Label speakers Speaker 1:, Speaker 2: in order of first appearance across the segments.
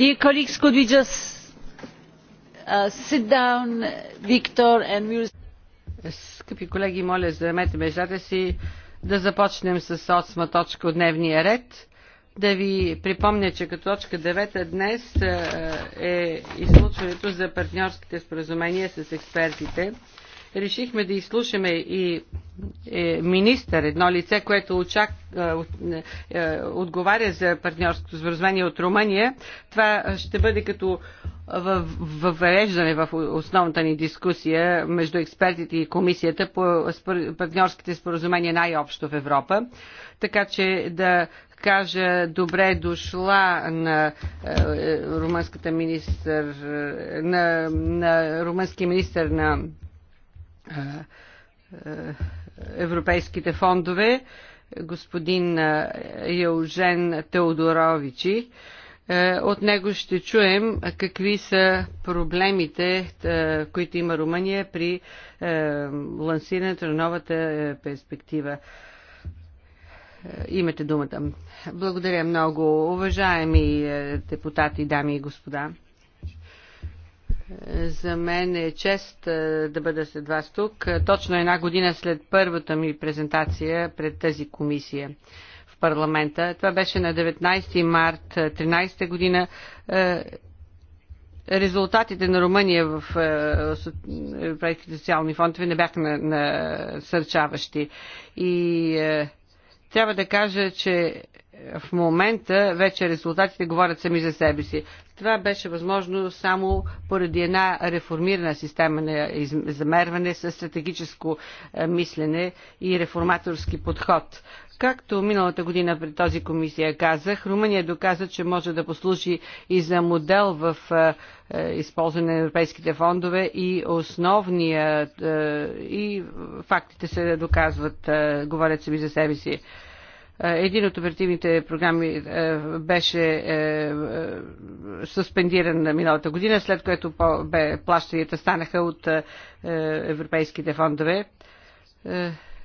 Speaker 1: dear colleagues could we just uh, sit down victor and Скъпи
Speaker 2: колеги, моля, заемете местата си да започнем с осма точка от дневния ред. Да ви припомня, че като точка 9 днес е, е изслушването за партньорските споразумения с експертите решихме да изслушаме и е, министър, едно лице, което очак, е, е, е, отговаря за партньорското споразумение от Румъния. Това ще бъде като въвреждане в основната ни дискусия между експертите и комисията по партньорските споразумения най-общо в Европа. Така че да кажа добре дошла на е, румънската министър, на, на румънския министър на европейските фондове, господин Яужен Теодоровичи. От него ще чуем какви са проблемите, които има Румъния при лансирането на новата перспектива. Имате думата. Благодаря много, уважаеми депутати, дами и господа. За мен е чест да бъда след вас тук, точно една година след първата ми презентация пред тази комисия в парламента. Това беше на 19 март 13 година. Резултатите на Румъния в европейските социални фондове не бяха насърчаващи. На И трябва да кажа, че в момента вече резултатите говорят сами за себе си. Това беше възможно само поради една реформирана система на замерване с стратегическо е, мислене и реформаторски подход. Както миналата година при този комисия казах, Румъния доказа, че може да послужи и за модел в е, е, използване на европейските фондове и основния и фактите се доказват, говорят сами за себе си. Е, един от оперативните програми е, беше е, суспендиран на миналата година, след което плащанията станаха от европейските фондове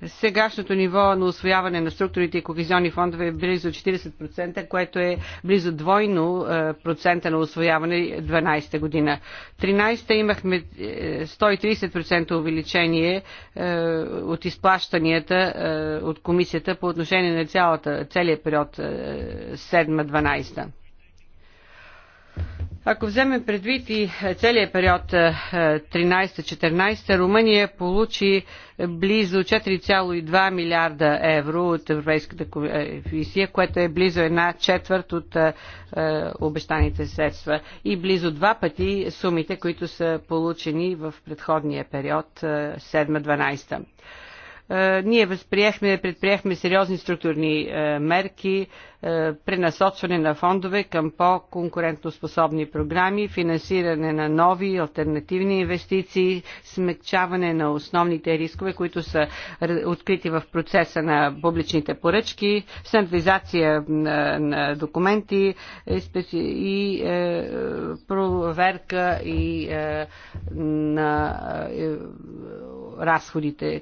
Speaker 2: сегашното ниво на освояване на структурите и кохезионни фондове е близо 40%, което е близо двойно е, процента на освояване 12-та година. 13-та имахме 130% е, увеличение е, от изплащанията от комисията по отношение на цялата, целият период 7-12. Ако вземем предвид и целият период 13-14, е, Румъния получи близо 4,2 милиарда евро от Европейската е, комисия, което е близо една четвърт от е, обещаните средства и близо два пъти сумите, които са получени в предходния период 7-12. Е, ние възприехме, предприехме сериозни структурни е, мерки, е, пренасочване на фондове към по-конкурентоспособни програми, финансиране на нови альтернативни инвестиции, смягчаване на основните рискове, които са открити в процеса на публичните поръчки, стандартизация на, на документи и е, проверка и е, на е, разходите,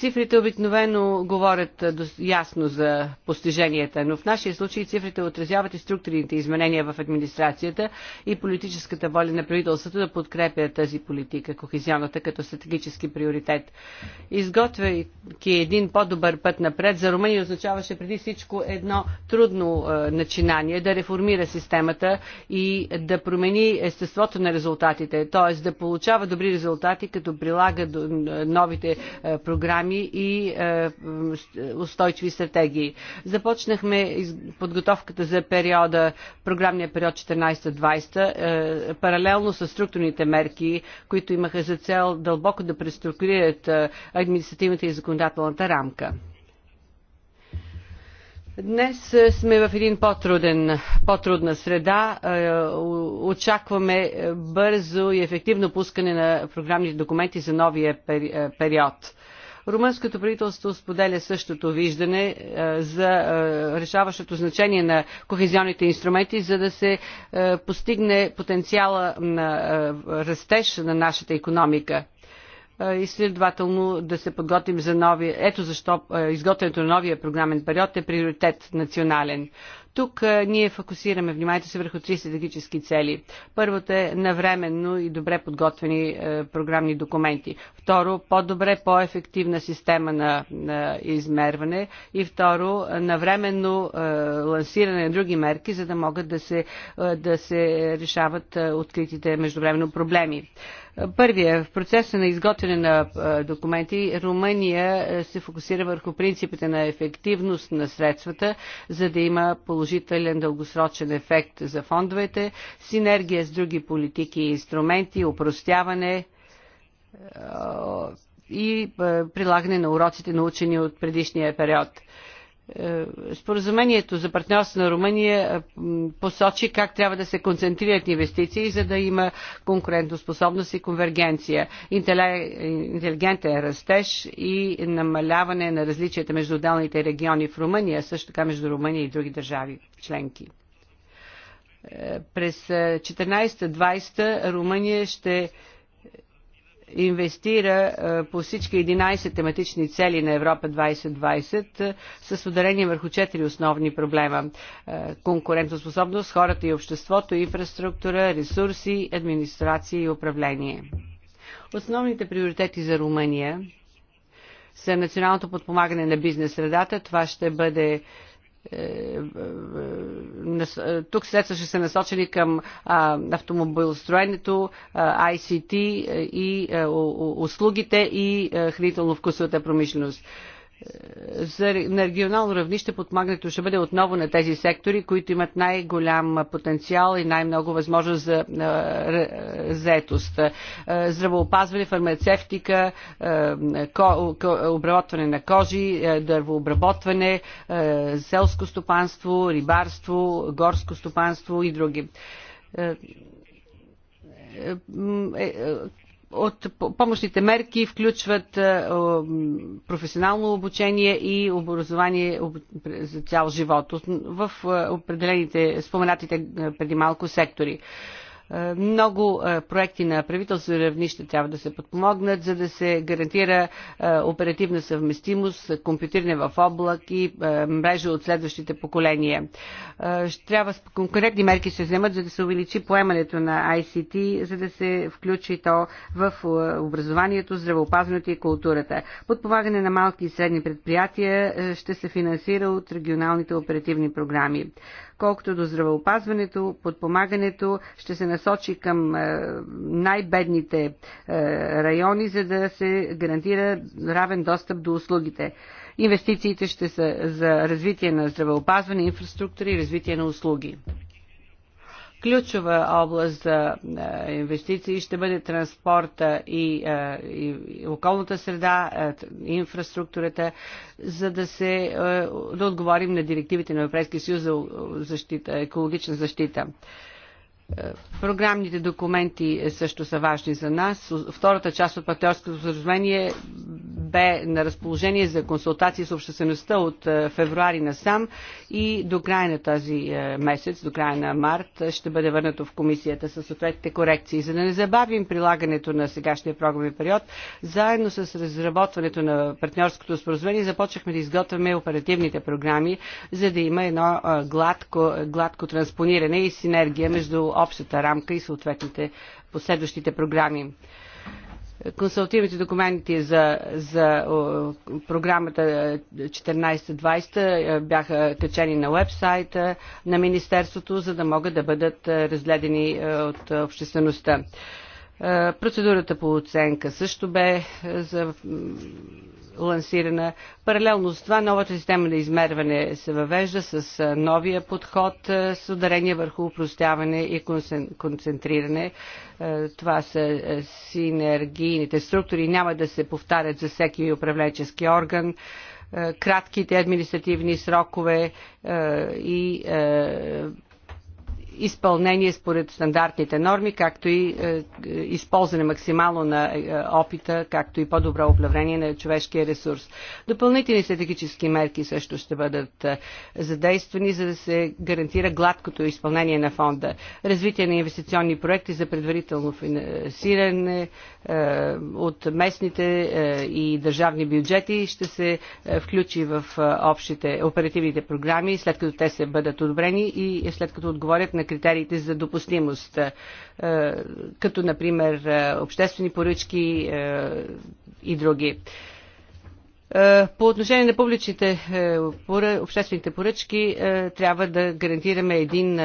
Speaker 2: Цифрите обикновено говорят ясно за постиженията, но в нашия случай цифрите отразяват и структурните изменения в администрацията и политическата воля на правителството да подкрепя тази политика, кохезионната като стратегически приоритет. Изготвяйки един по-добър път напред, за Румъния означаваше преди всичко едно трудно начинание да реформира системата и да промени естеството на резултатите, т.е. да получава добри резултати, като прилага новите програми програми и е, устойчиви стратегии. Започнахме подготовката за периода, програмния период 14-20, е, паралелно с структурните мерки, които имаха за цел дълбоко да преструктурират е, административната и законодателната рамка. Днес сме в един по-труден, по-трудна среда. Очакваме бързо и ефективно пускане на програмните документи за новия период. Румънското правителство споделя същото виждане е, за е, решаващото значение на кохезионните инструменти, за да се е, постигне потенциала на растеж на нашата економика и следователно да се подготвим за новия. Ето защо изготвянето на новия програмен период е приоритет национален. Тук ние фокусираме вниманието си върху три стратегически цели. Първото е навременно и добре подготвени е, програмни документи. Второ, по-добре, по-ефективна система на, на измерване. И второ, навременно е, лансиране на други мерки, за да могат да се, е, да се решават откритите междувременно проблеми. Първия, в процеса на изготвяне на документи, Румъния се фокусира върху принципите на ефективност на средствата, за да има положение положителен дългосрочен ефект за фондовете, синергия с други политики и инструменти, упростяване е, и е, прилагане на уроците научени от предишния период. Е, споразумението за партньорство на Румъния е, посочи как трябва да се концентрират инвестиции, за да има конкурентоспособност и конвергенция, интелигентен растеж и намаляване на различията между отделните региони в Румъния, също така между Румъния и други държави членки. Е, през 14-20 Румъния ще инвестира е, по всички 11 тематични цели на Европа 2020 е, с ударение върху 4 основни проблема. Е, конкурентоспособност, хората и обществото, инфраструктура, ресурси, администрация и управление. Основните приоритети за Румъния са националното подпомагане на бизнес средата. Това ще бъде е, е, е, тук средства ще се насочени към автомобилостроенето, ICT и услугите и хранително-вкусовата промишленост за, на регионално равнище подмагането ще бъде отново на тези сектори, които имат най-голям потенциал и най-много възможност за заетост. Здравоопазване, фармацевтика, обработване на кожи, дървообработване, селско стопанство, рибарство, горско стопанство и други е, от помощните мерки включват е, професионално обучение и образование за цял живот в е, определените, споменатите е, преди малко сектори. Е, много е, проекти на правителство равнище трябва да се подпомогнат, за да се гарантира е, оперативна съвместимост, компютърне в облак и мрежа от следващите поколения. трябва конкретни мерки се вземат, за да се увеличи поемането на ICT, за да се включи то в образованието, здравеопазването и културата. Подпомагане на малки и средни предприятия ще се финансира от регионалните оперативни програми. Колкото до здравеопазването, подпомагането ще се насочи към е, най-бедните е, райони, за да се гарантира равен достъп до услугите. Инвестициите ще са за развитие на здравеопазване, инфраструктура и развитие на услуги ключова област за е, инвестиции ще бъде транспорта и, е, и, и околната среда, е, инфраструктурата, за да се да отговорим на директивите на Европейския съюз за защита, екологична защита. Програмните документи също са важни за нас. Втората част от партньорското споразумение бе на разположение за консултации с обществеността от е, февруари насам и до края на този е, месец, до края на март, е, ще бъде върнато в комисията с съответните корекции. За да не забавим прилагането на сегашния програмен период, заедно с разработването на партньорското споразумение започнахме да изготвяме оперативните програми, за да има едно гладко, гладко транспониране и синергия между общата рамка и съответните последващите програми консултивните документи за, за програмата 14-20 е, е, бяха качени на вебсайта на Министерството, за да могат да бъдат е, разгледани от обществеността. Е, процедурата по оценка също бе е, за лансирана. Паралелно с това новата система на измерване се въвежда с е, новия подход с ударение върху упростяване и концентриране. Това са синергийните структури. Няма да се повтарят за всеки управленчески орган кратките административни срокове и изпълнение според стандартните норми, както и е, използване максимално на е, опита, както и по-добро управление на човешкия ресурс. Допълнителни стратегически мерки също ще бъдат е, задействани, за да се гарантира гладкото изпълнение на фонда. Развитие на инвестиционни проекти за предварително финансиране от местните и държавни бюджети ще се включи в общите оперативните програми, след като те се бъдат одобрени и след като отговорят на критериите за допустимост, е, като например е, обществени поръчки е, и други. По отношение на публичните обществените поръчки трябва да гарантираме един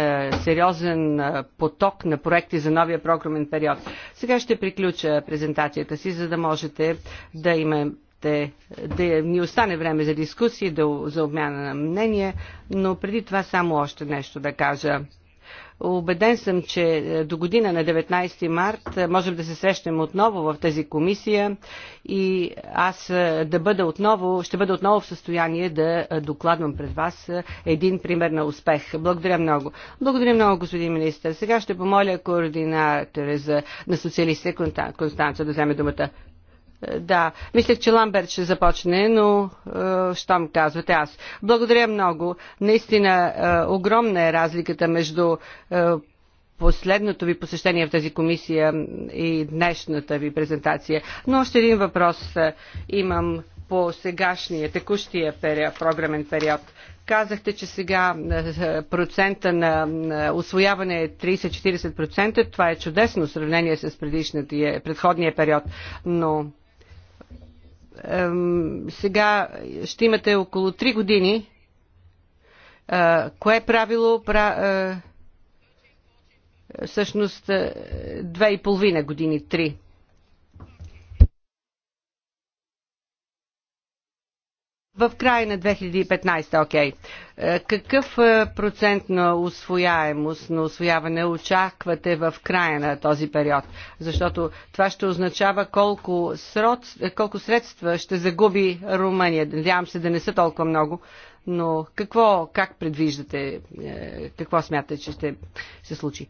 Speaker 2: сериозен поток на проекти за новия програмен период. Сега ще приключа презентацията си, за да можете да имате да ни остане време за дискусии, да, за обмяна на мнение, но преди това само още нещо да кажа. Обеден съм, че е, до година на 19 март е, можем да се срещнем отново в тази комисия и аз е, да бъда отново, ще бъда отново в състояние да докладвам пред вас един пример на успех. Благодаря много. Благодаря много, господин министр. Сега ще помоля координатора на социалистите Констанца да вземе думата. Да, мислех, че Ламберт ще започне, но е, щом казвате аз. Благодаря много. Наистина е, огромна е разликата между е, последното ви посещение в тази комисия и днешната ви презентация. Но още един въпрос е, имам по сегашния, текущия период, програмен период. Казахте, че сега е, процента на освояване е 30-40%. Това е чудесно в сравнение с предишния, предходния период, но сега ще имате около 3 години. Е, кое е правило? Пра, е, Всъщност 2,5 е, години, 3. в края на 2015, окей. Е, какъв е, процент на освояемост, на освояване очаквате в края на този период? Защото това ще означава колко, срод, е, колко средства ще загуби Румъния. Надявам се да не са толкова много, но какво, как предвиждате, какво смятате, че ще се случи?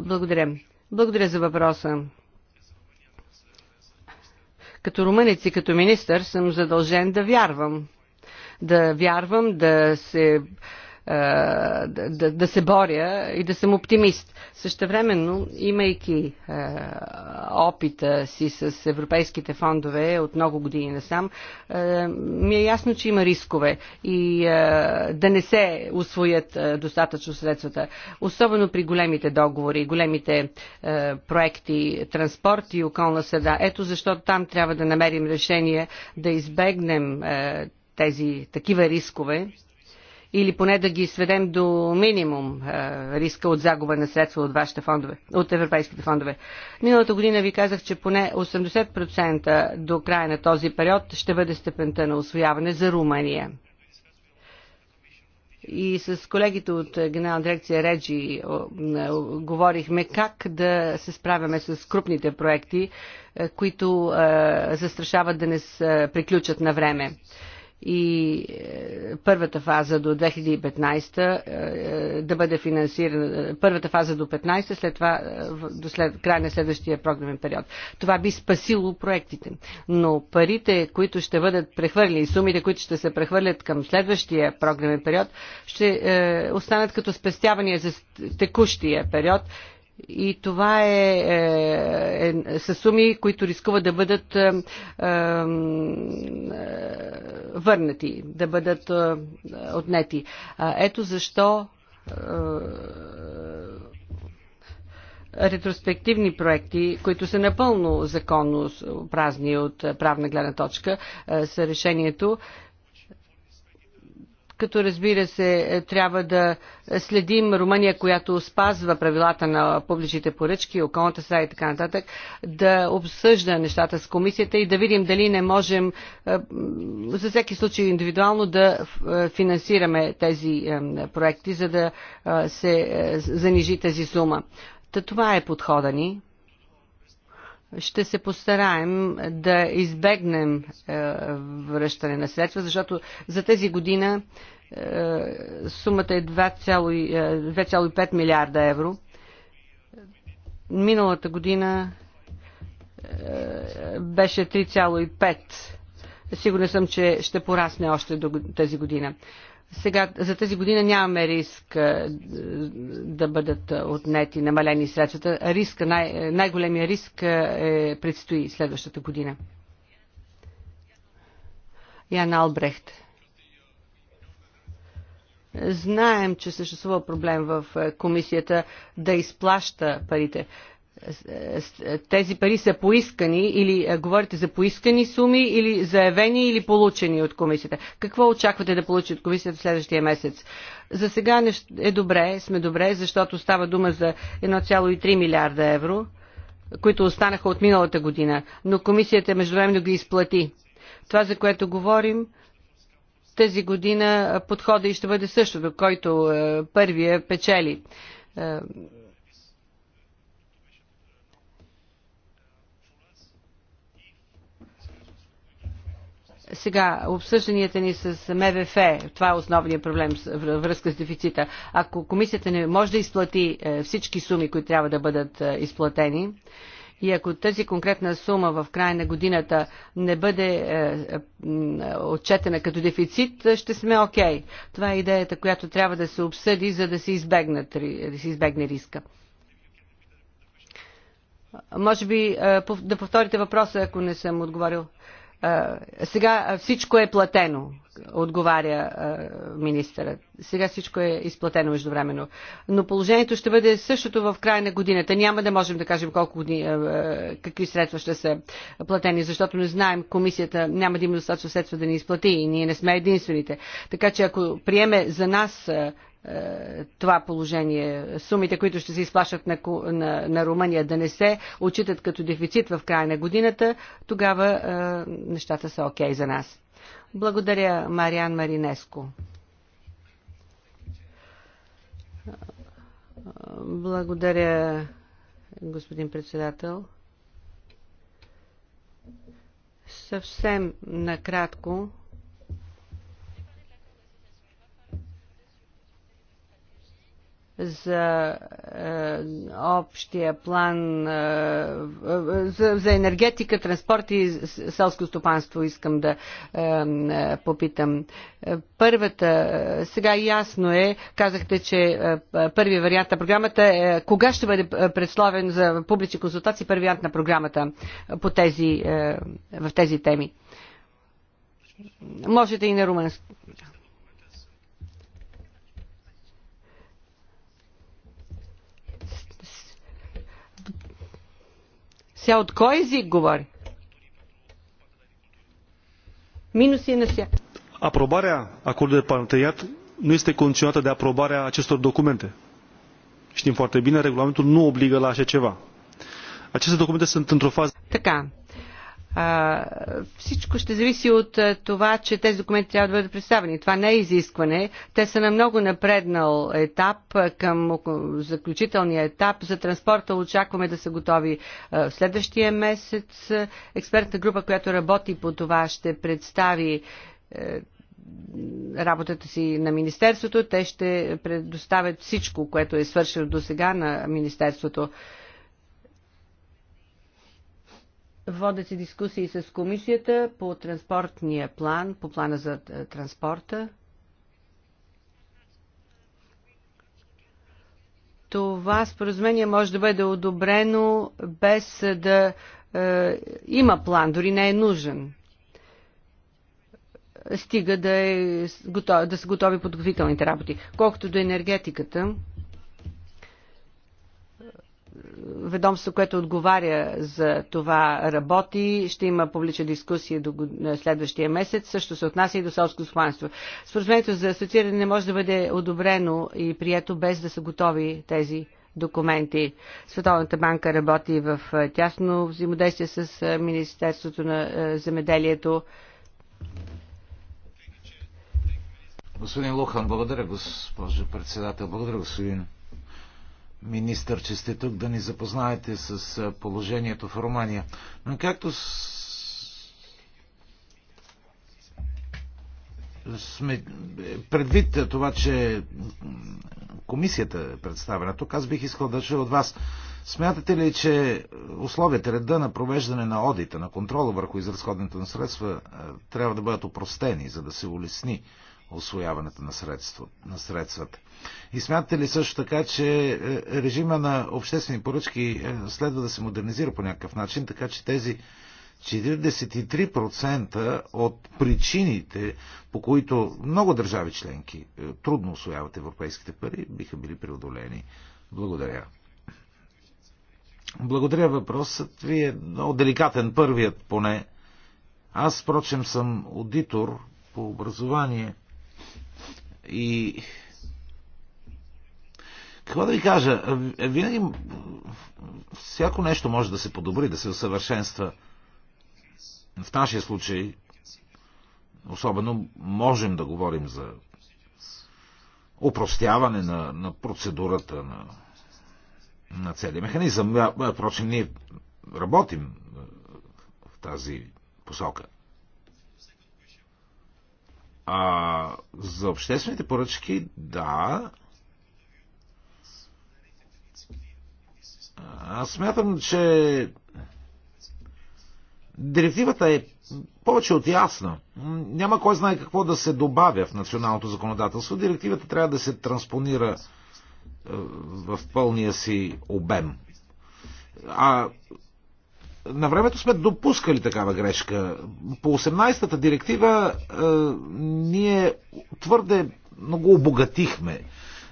Speaker 2: Благодаря. Благодаря за въпроса. Като румънец и като министър съм задължен да вярвам да вярвам, да се да, да се боря и да съм оптимист. Същевременно, имайки опита си с европейските фондове от много години насам, ми е ясно, че има рискове и да не се освоят достатъчно средствата. Особено при големите договори, големите проекти, транспорт и околна среда. Ето защо там трябва да намерим решение да избегнем тези такива рискове или поне да ги сведем до минимум а, е, риска от загуба на средства от вашите фондове, от европейските фондове. Миналата година ви казах, че поне 80% до края на този период ще бъде степента на освояване за Румъния. И с колегите от Генерална дирекция Реджи е, е, говорихме как да се справяме с крупните проекти, които а, застрашават да не приключат на време и е, първата фаза до 2015 е, е, да бъде финансирана, първата фаза до 15, след това до след, края на следващия програмен период. Това би спасило проектите. Но парите, които ще бъдат прехвърлени, сумите, които ще се прехвърлят към следващия програмен период, ще останат като спестявания за текущия период и това е, е, е са суми, които рискуват да бъдат е, е, е върнати, да бъдат е, отнети. Ето защо е, ретроспективни проекти, които са напълно законно празни от правна гледна точка, е, са решението. Е, като разбира се трябва да следим Румъния, която спазва правилата на публичните поръчки, околната среда и така нататък, да обсъжда нещата с комисията и да видим дали не можем е, за всеки случай индивидуално да е, финансираме тези е, проекти, за да се занижи тази сума. Та това е подхода ни ще се постараем да избегнем е, връщане на средства, защото за тези година е, сумата е 2,5 е, милиарда евро. Миналата година беше 3,5. Сигурен съм, че ще порасне още до тази година. Сега за тази година нямаме риск е, да бъдат отнети, намалени средствата. Риска, най- най-големия риск е, е, предстои следващата година. Ян Албрехт. Знаем, че съществува проблем в е, комисията да изплаща парите тези пари са поискани или е, говорите за поискани суми или заявени или получени от комисията. Какво очаквате да получи от комисията в следващия месец? За сега е добре, сме добре, защото става дума за 1,3 милиарда евро, които останаха от миналата година, но комисията междувременно ги изплати. Това, за което говорим, тази година подхода и ще бъде същото, който е, първия печели е, Сега, обсъжданията ни с МВФ, това е основният проблем във връзка с дефицита. Ако комисията не може да изплати е, всички суми, които трябва да бъдат е, изплатени, и ако тази конкретна сума в края на годината не бъде е, отчетена като дефицит, ще сме окей. Okay. Това е идеята, която трябва да се обсъди, за да се, избегнат, да се избегне риска. Може би да повторите въпроса, ако не съм отговорил сега всичко е платено, отговаря министъра. Сега всичко е изплатено междувременно. Но положението ще бъде същото в края на годината. Няма да можем да кажем колко години, какви средства ще са платени, защото не знаем, комисията няма да има достатъчно средства да ни изплати и ние не сме единствените. Така че ако приеме за нас е, това положение, сумите, които ще се изплащат на, на, на Румъния, да не се отчитат като дефицит в края на годината, тогава е, нещата са окей okay за нас. Благодаря, Мариан Маринеско. Благодаря, господин председател. Съвсем накратко за е, общия план е, за, за енергетика, транспорт и селско стопанство искам да е, е попитам. Е, първата, е, сега ясно е, казахте, че е, първи вариант на програмата е кога ще бъде представен за публични консултации първи вариант на програмата по тези, е, в тези теми. Можете и на румънски. Сега от кой език говори? Минуси на сега.
Speaker 3: Aprobarea acordului de parteneriat nu este condiționată de aprobarea acestor documente. Știm foarte bine, regulamentul nu obligă la așa ceva. Aceste documente sunt într-o fază...
Speaker 2: Така, а, всичко ще зависи от това, че тези документи трябва да бъдат представени. Това не е изискване. Те са на много напреднал етап към заключителния етап. За транспорта очакваме да са готови в следващия месец. Експертна група, която работи по това, ще представи е, работата си на Министерството. Те ще предоставят всичко, което е свършено до сега на Министерството. Водят се дискусии с комисията по транспортния план, по плана за е, транспорта. Това споразумение може да бъде одобрено без да е, има план, дори не е нужен. Стига да, е, да са готови подготовителните работи. Колкото до енергетиката, ведомство, което отговаря за това работи. Ще има публична дискусия до следващия месец. Също се отнася и до селско стопанство. Споразумението за асоцииране не може да бъде одобрено и прието без да са готови тези документи. Световната банка работи в е, тясно взаимодействие с е, Министерството на е, земеделието.
Speaker 3: Господин Лухан, благодаря, госпожо председател. Благодаря, господин министър, че сте тук да ни запознаете с положението в Румъния. Но както сме е, предвид това, че комисията е представена тук, аз бих искал да чуя от вас. Смятате ли, че условията, реда на провеждане на одита, на контрола върху изразходните на средства е, трябва да бъдат опростени, за да се улесни освояването на, средство, на средствата. И смятате ли също така, че е, режима на обществени поръчки е, следва да се модернизира по някакъв начин, така че тези 43% от причините, по които много държави членки е, трудно освояват европейските пари, биха били преодолени. Благодаря. Благодаря въпросът ви е много деликатен, първият поне. Аз, впрочем, съм аудитор по образование – и какво да ви кажа, винаги всяко нещо може да се подобри, да се усъвършенства. В нашия случай, особено, можем да говорим за упростяване на, на процедурата, на, на целият механизъм. Впрочем, ние работим в тази посока. А за обществените поръчки, да. Аз смятам, че директивата е повече от ясна. Няма кой знае какво да се добавя в националното законодателство. Директивата трябва да се транспонира е, в пълния си обем. А на времето сме допускали такава грешка. По 18-та директива е, ние твърде много обогатихме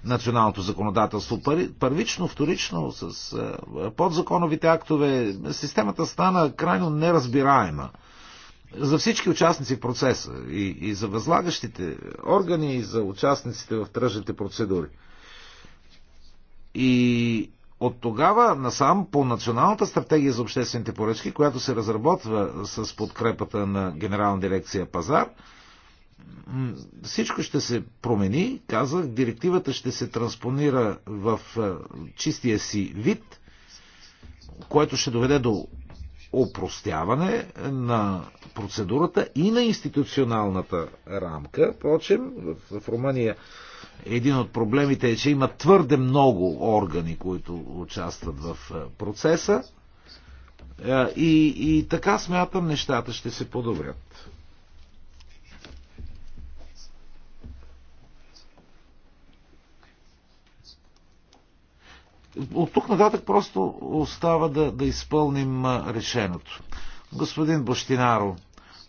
Speaker 3: националното законодателство. Първично, вторично, с е, подзаконовите актове, системата стана крайно неразбираема за всички участници в процеса и, и за възлагащите органи и за участниците в тръжните процедури. И от тогава насам по Националната стратегия за обществените поръчки, която се разработва с подкрепата на Генерална дирекция Пазар, всичко ще се промени, казах, директивата ще се транспонира в е, чистия си вид, което ще доведе до опростяване на процедурата и на институционалната рамка. Впрочем, в, в Румъния един от проблемите е, че има твърде много органи, които участват в е, процеса. Е, и, и така смятам, нещата ще се подобрят. От тук нататък просто остава да, да изпълним е, решеното. Господин Бощинаро,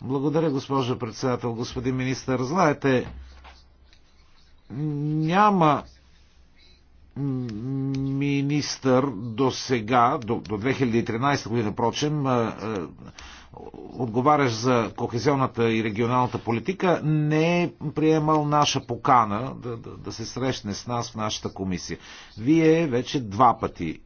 Speaker 3: благодаря, госпожа председател, господин министър. Знаете, няма министър до сега, до, до 2013 година, прочем, отговарящ за кохезионната и регионалната политика, не е приемал наша покана да, да, да се срещне с нас в нашата комисия. Вие вече два пъти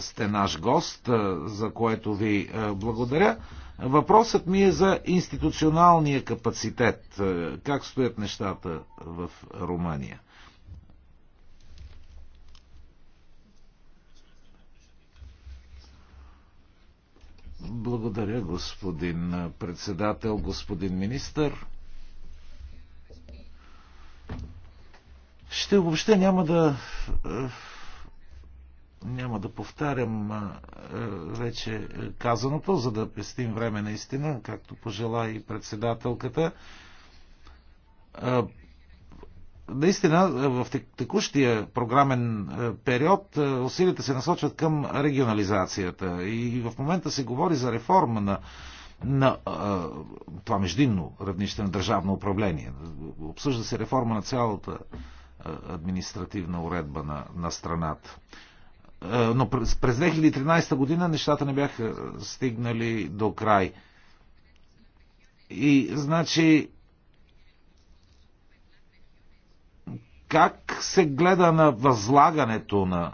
Speaker 3: сте наш гост, за което ви благодаря. Въпросът ми е за институционалния капацитет. Е, как стоят нещата в Румъния? Благодаря, господин председател, господин министър. Ще въобще няма да е, няма да повтарям вече казаното, за да пестим време наистина, както пожела и председателката. Наистина, в текущия програмен период усилията се насочват към регионализацията и в момента се говори за реформа на на а, това междинно равнище на държавно управление. Обсъжда се реформа на цялата административна уредба на, на страната. Е, но през 2013 година нещата не бяха стигнали до край. И значи как се гледа на възлагането на,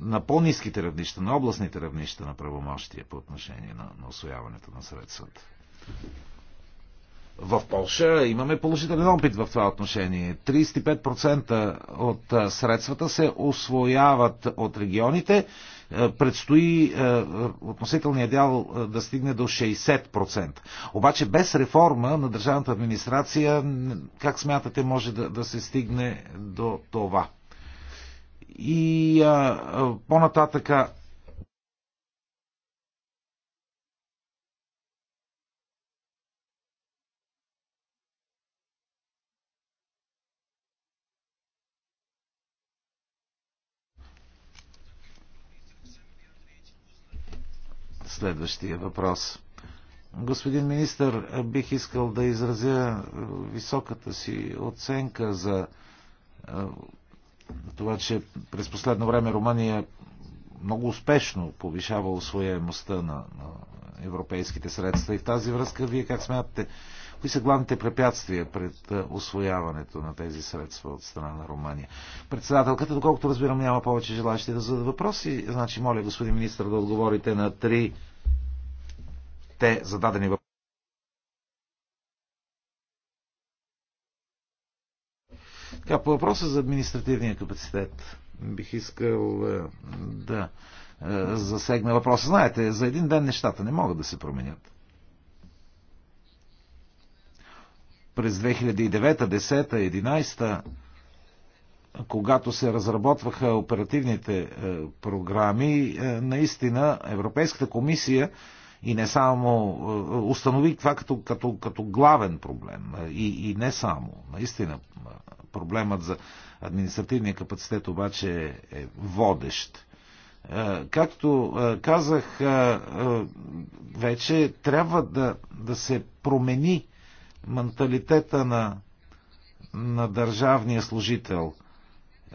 Speaker 3: на по-низките равнища, на областните равнища на правомощия по отношение на, на освояването на средствата? В Польша имаме положителен опит в това отношение. 35% от средствата се освояват от регионите. Предстои относителният дял да стигне до 60%. Обаче без реформа на държавната администрация, как смятате, може да, да се стигне до това? И а, по-нататъка следващия въпрос. Господин министр, бих искал да изразя високата си оценка за е, това, че през последно време Румъния много успешно повишава освояемостта на, на европейските средства. И в тази връзка, вие как смятате, кои са главните препятствия пред е, освояването на тези средства от страна на Румъния? Председателката, доколкото разбирам, няма повече желащи да зададат въпроси. Значи, моля, господин министр, да отговорите на три те зададени въпроси. Така, по въпроса за административния капацитет бих искал е, да е, засегна въпроса. Знаете, за един ден нещата не могат да се променят. През 2009, 10, 2011, когато се разработваха оперативните е, програми, наистина Европейската комисия и не само е, е, установи това като, като, като главен проблем е, и, и не само. Наистина проблемът за административния капацитет обаче е водещ. Както казах, вече трябва да, да се промени менталитета на, на държавния служител –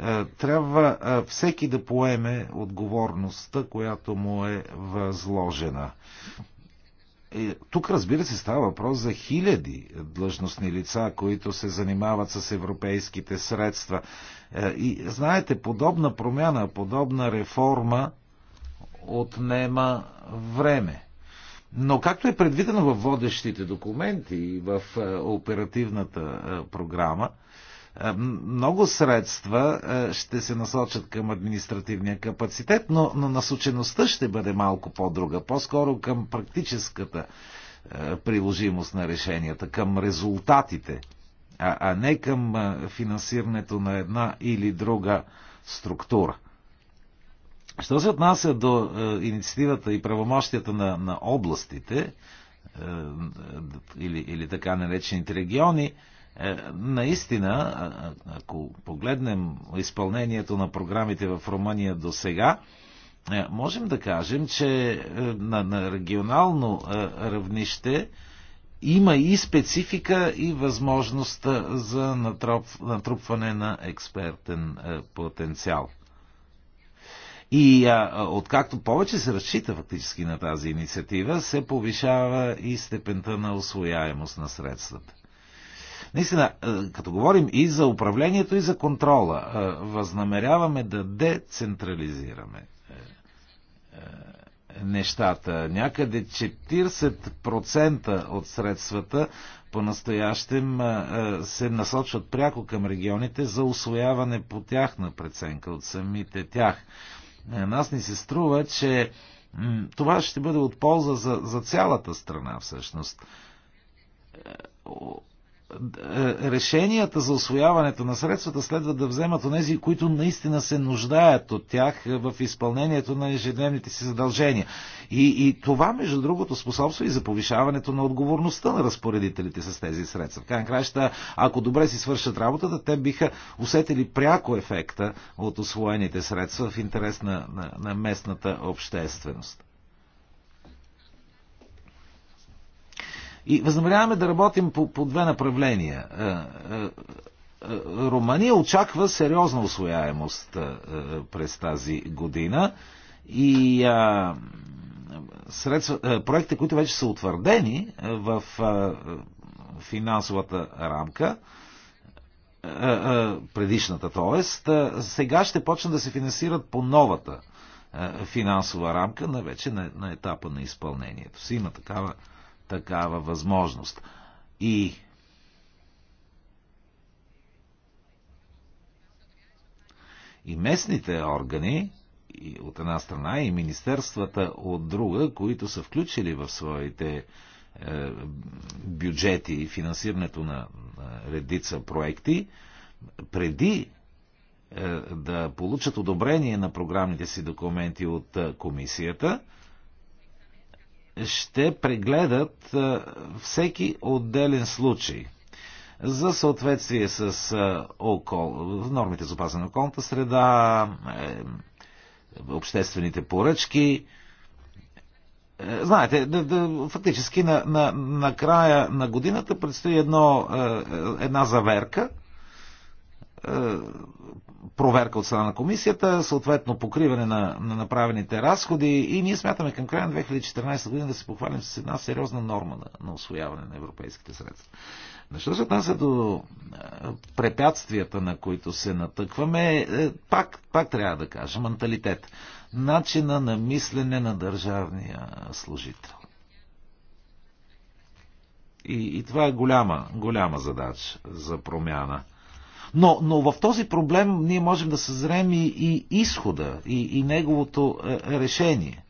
Speaker 3: е, трябва е, всеки да поеме отговорността, която му е възложена. Е, тук, разбира се, става въпрос за хиляди длъжностни лица, които се занимават с европейските средства. И знаете, подобна промяна, подобна реформа отнема време. Но както е предвидено в водещите документи и в оперативната програма, е, много средства е, ще се насочат към административния капацитет, но, но насочеността ще бъде малко по-друга, по-скоро към практическата е, приложимост на решенията, към резултатите, а, а не към финансирането на една или друга структура. Що се отнася до инициативата и правомощията на, на областите или, или така наречените региони, е, наистина, ако погледнем изпълнението на програмите в Румъния до сега, е, можем да кажем, че е, на, на регионално равнище има и специфика, и възможност за натрупване на експертен потенциал. И а, откакто повече се разчита фактически на тази инициатива, се повишава и степента на освояемост на средствата. Наистина, е, като говорим и за управлението, и за контрола, е, възнамеряваме да децентрализираме е, нещата. Някъде 40% от средствата по-настоящем се насочват пряко към регионите за освояване по тяхна преценка от самите тях. Нас ни се струва, че това ще бъде от полза за, за цялата страна всъщност. Е, решенията за освояването на средствата следва да вземат онези, които наистина се нуждаят от тях е, в изпълнението на ежедневните си задължения. И, и това, между другото, способства и за повишаването на отговорността на разпоредителите с тези средства. В крайна краща, ако добре си свършат работата, те биха усетили пряко ефекта от освоените средства в интерес на, на, на местната общественост. И възнамеряваме да работим по, по две направления. Е, е, е, Румъния очаква сериозна освояемост през тази година и средства, проекти, които вече са утвърдени в финансовата рамка, предишната, т.е. сега ще почнат да се финансират по новата финансова рамка, на вече на, на етапа на изпълнението си. Има такава такава възможност. И и местните органи, и от една страна, и министерствата от друга, които са включили в своите е, бюджети и финансирането на редица проекти, преди е, да получат одобрение на програмните си документи от е, комисията, ще прегледат всеки отделен случай за съответствие с окол, нормите за опазване на околната среда, е, обществените поръчки. Е, знаете, фактически на, на, на края на годината предстои едно, е, една заверка – е, проверка от страна на комисията, съответно покриване на, на направените разходи и ние смятаме към края на 2014 година да се похвалим с една сериозна норма на, на освояване на европейските средства. Що се отнася до е, препятствията, на които се натъкваме, е, пак, пак трябва да кажа, менталитет. Начина на мислене на държавния служител. И, и това е голяма, голяма задача за промяна – но, но в този проблем ние можем да съзрем и, и изхода, и, и неговото е, решение.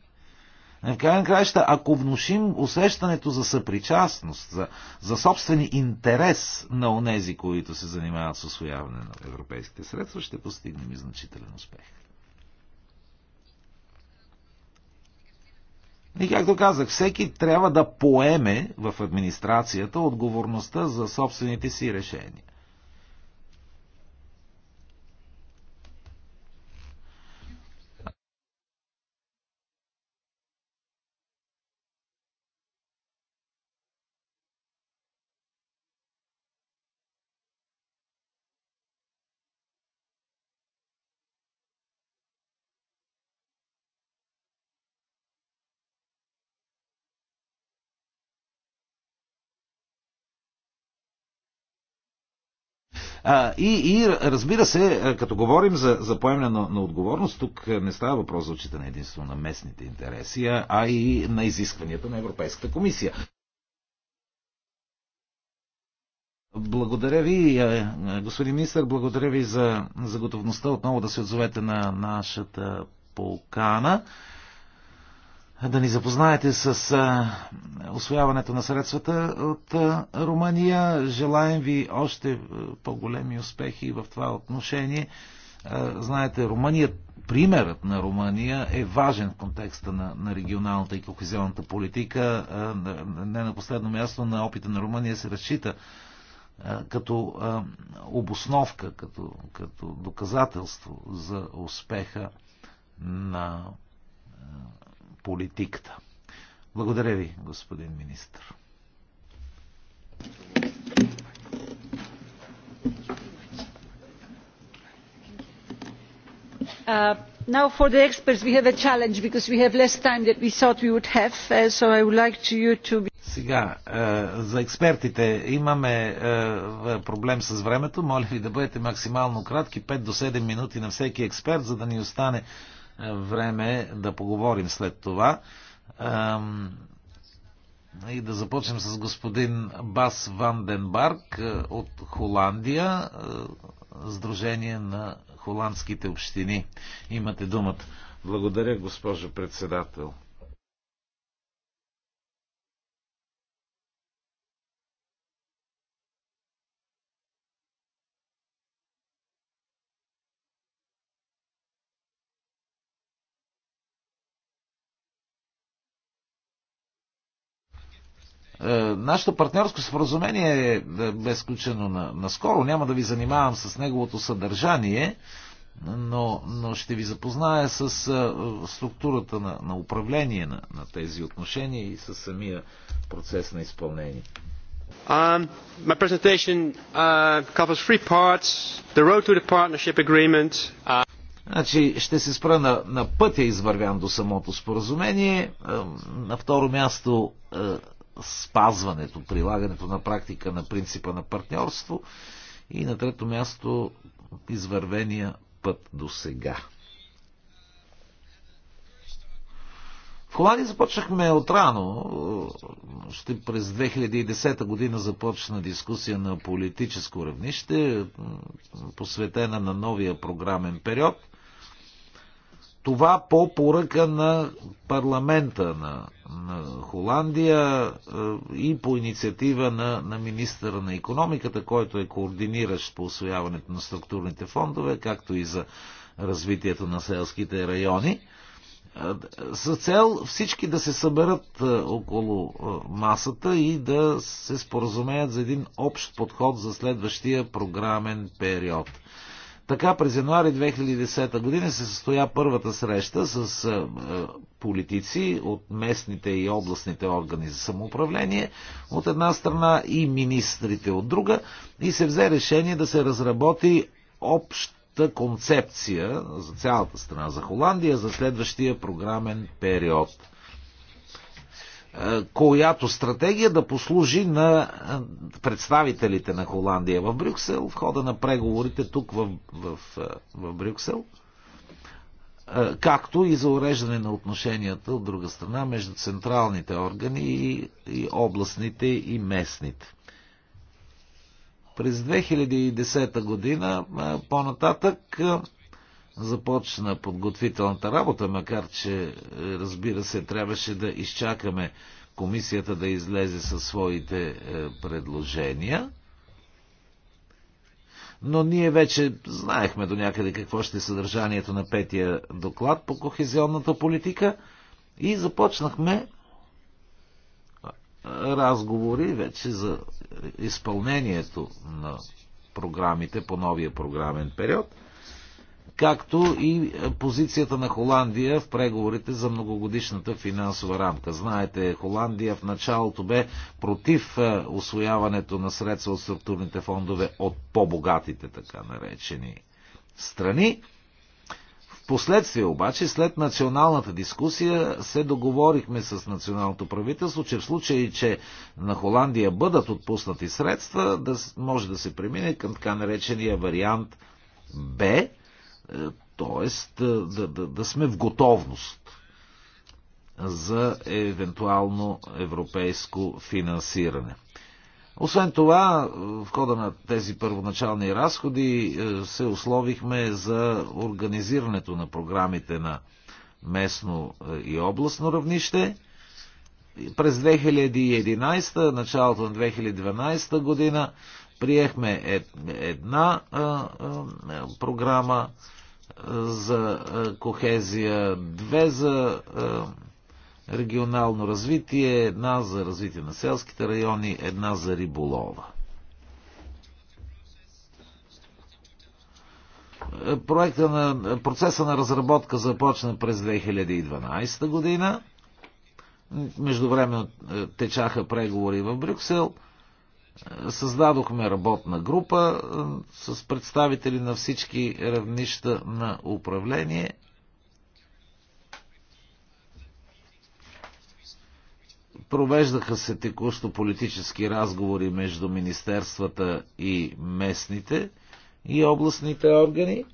Speaker 3: Е, в крайна краища, ако внушим усещането за съпричастност, за, за собствени интерес на онези, които се занимават с освояване на европейските средства, ще постигнем и значителен успех. И както казах, всеки трябва да поеме в администрацията отговорността за собствените си решения. И, и разбира се, като говорим за, за поемане на, на отговорност, тук не става въпрос за отчитане единствено на местните интереси, а и на изискванията на Европейската комисия. Благодаря ви, господин министр, благодаря ви за, за готовността отново да се отзовете на нашата полкана да ни запознаете с а, освояването на средствата от а, Румъния. Желаем ви още по-големи успехи в това отношение. А, знаете, Румъния, примерът на Румъния е важен в контекста на, на регионалната и кохезионната политика. А, не на последно място на опита на Румъния се разчита а, като а, обосновка, като, като доказателство за успеха на политиката. Благодаря ви, господин министр.
Speaker 1: Uh, now for the experts we have a challenge because we have less time than we thought we would have uh, so i would like to you to be
Speaker 3: сега, uh, за експертите имаме uh, проблем с времето. Моля ви да бъдете максимално кратки, 5 до 7 минути на всеки експерт, за да ни остане uh, време да поговорим след това. И да започнем с господин Бас Ванденбарк е, от Холандия, е, Сдружение на холандските общини. Имате думата. Благодаря, госпожо председател. Е, нашето партньорско споразумение е, е, безключено на наскоро. Няма да ви занимавам с неговото съдържание, но, но ще ви запозная с структурата на, на управление на, на тези отношения и с самия процес на изпълнение.
Speaker 2: Um, my presentation uh, covers three parts. The road to the partnership
Speaker 3: agreement. Uh... Значи, ще се спра на, на пътя, извървян до самото споразумение. На второ място спазването, прилагането на практика на принципа на партньорство и на трето място извървения път до сега. В Холандия започнахме отрано. Ще през 2010 година започна дискусия на политическо равнище, посветена на новия програмен период – това по поръка на парламента на, на Холандия е, и по инициатива на, на министъра на економиката, който е координиращ по освояването на структурните фондове, както и за развитието на селските райони е, с цел всички да се съберат е, около масата и да се споразумеят за един общ подход за следващия програмен период. Така през януари 2010 година се състоя първата среща с е, е, политици от местните и областните органи за самоуправление от една страна и министрите от друга и се взе решение да се разработи обща концепция за цялата страна, за Холандия, за следващия програмен период. Е, която стратегия да послужи на е, представителите на Холандия в Брюксел, в хода на преговорите тук в, в, е, в Брюксел, както и за уреждане на отношенията от друга страна между централните органи и, и областните и местните. През 2010 година по-нататък започна подготвителната работа, макар че, е, разбира се, трябваше да изчакаме комисията да излезе със своите е, предложения. Но ние вече знаехме до някъде какво ще е съдържанието на петия доклад по кохезионната политика и започнахме е, разговори вече за изпълнението на програмите по новия програмен период – както и е, позицията на Холандия в преговорите за многогодишната финансова рамка. Знаете, Холандия в началото бе против е, освояването на средства от структурните фондове от по-богатите, така наречени страни. Впоследствие обаче, след националната дискусия, се договорихме с националното правителство, че в случай, че на Холандия бъдат отпуснати средства, да може да се премине към така наречения вариант Б, е, тоест е, да, да, да сме в готовност за евентуално европейско финансиране. Освен това, в хода на тези първоначални разходи е, се условихме за организирането на програмите на местно и областно равнище. През 2011, началото на 2012 година, приехме една програма за кохезия, две за регионално развитие, една за развитие на селските райони, една за риболова. Проекта на, процеса на разработка започна през 2012 година. време течаха преговори в Брюксел – Създадохме работна група с представители на всички равнища на управление. Провеждаха се текущо политически разговори между министерствата и местните и областните органи.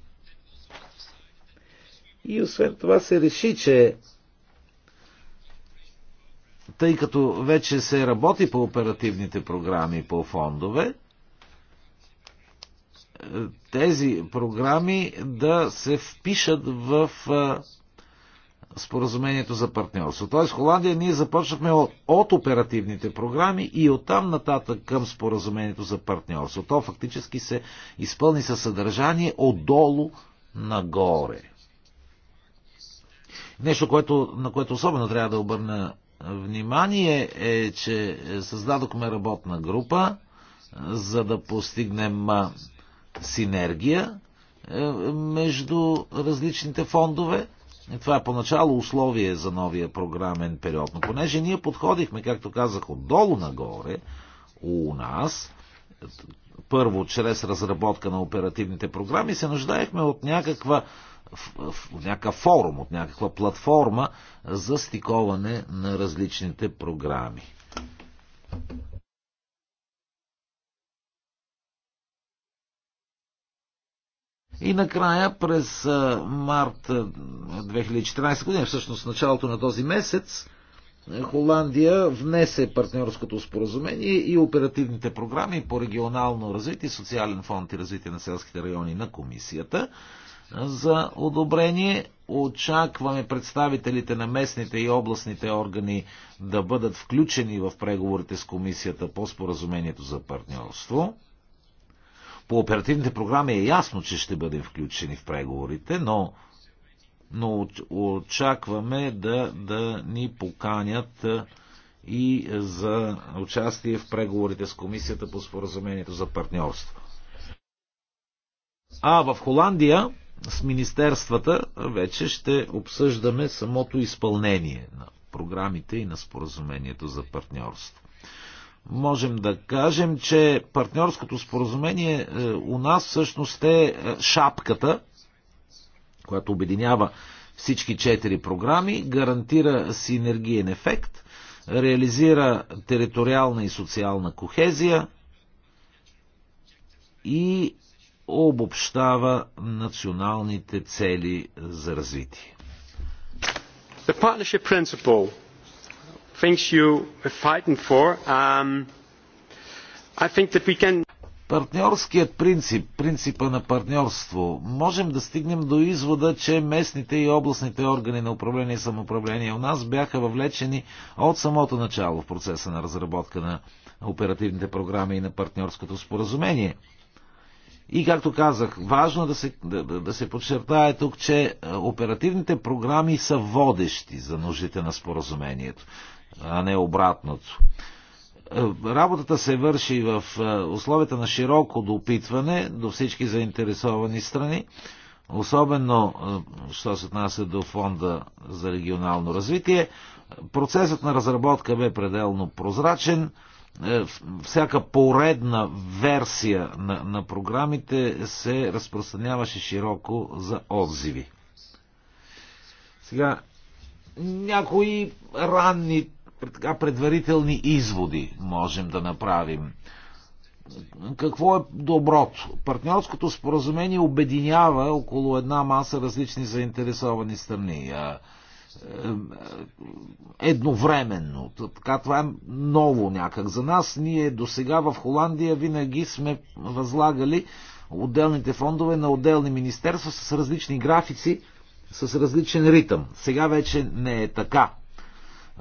Speaker 3: И освен това се реши, че тъй като вече се работи по оперативните програми, по фондове, тези програми да се впишат в споразумението за партньорство. Т.е. Холандия ние започнахме от, от оперативните програми и оттам нататък към споразумението за партньорство. То фактически се изпълни със съдържание отдолу нагоре. Нещо, което, на което особено трябва да обърна внимание е, че създадохме работна група, е, за да постигнем синергия е, между различните фондове. Това е поначало условие за новия програмен период. Но понеже ние подходихме, както казах, отдолу нагоре, у нас, първо чрез разработка на оперативните програми, се нуждаехме от някаква от някакъв форум, от някаква платформа за стиковане на различните програми. И накрая през март 2014 година, всъщност началото на този месец, Холандия внесе партньорското споразумение и оперативните програми по регионално развитие, социален фонд и развитие на селските райони на комисията за одобрение. Очакваме представителите на местните и областните органи да бъдат включени в преговорите с комисията по споразумението за партньорство. По оперативните програми е ясно, че ще бъдем включени в преговорите, но, но очакваме да, да ни поканят и за участие в преговорите с комисията по споразумението за партньорство. А в Холандия с министерствата вече ще обсъждаме самото изпълнение на програмите и на споразумението за партньорство. Можем да кажем, че партньорското споразумение е, у нас всъщност е, е шапката, която обединява всички четири програми, гарантира синергиен ефект, реализира териториална и социална кохезия и обобщава националните цели за развитие. The partnership principle, things you are fighting for, um, I think that we can... Партньорският принцип, принципа на партньорство, можем да стигнем до извода, че местните и областните органи на управление и самоуправление у нас бяха въвлечени от самото начало в процеса на разработка на оперативните програми и на партньорското споразумение – и както казах, важно да се, да, да се подчертае тук, че е, оперативните програми са водещи за нуждите на споразумението, а не обратното. Е, работата се върши в е, условията на широко допитване до всички заинтересовани страни, особено що се отнася до Фонда за регионално развитие. Процесът на разработка бе пределно прозрачен е, всяка поредна версия на, на програмите се разпространяваше широко за отзиви. Сега, някои ранни, така предварителни изводи можем да направим. Какво е доброто? Партньорското споразумение обединява около една маса различни заинтересовани страни е, е, едновременно. Така, това е ново някак за нас. Ние до сега в Холандия винаги сме възлагали отделните фондове на отделни министерства с различни графици, с различен ритъм. Сега вече не е така.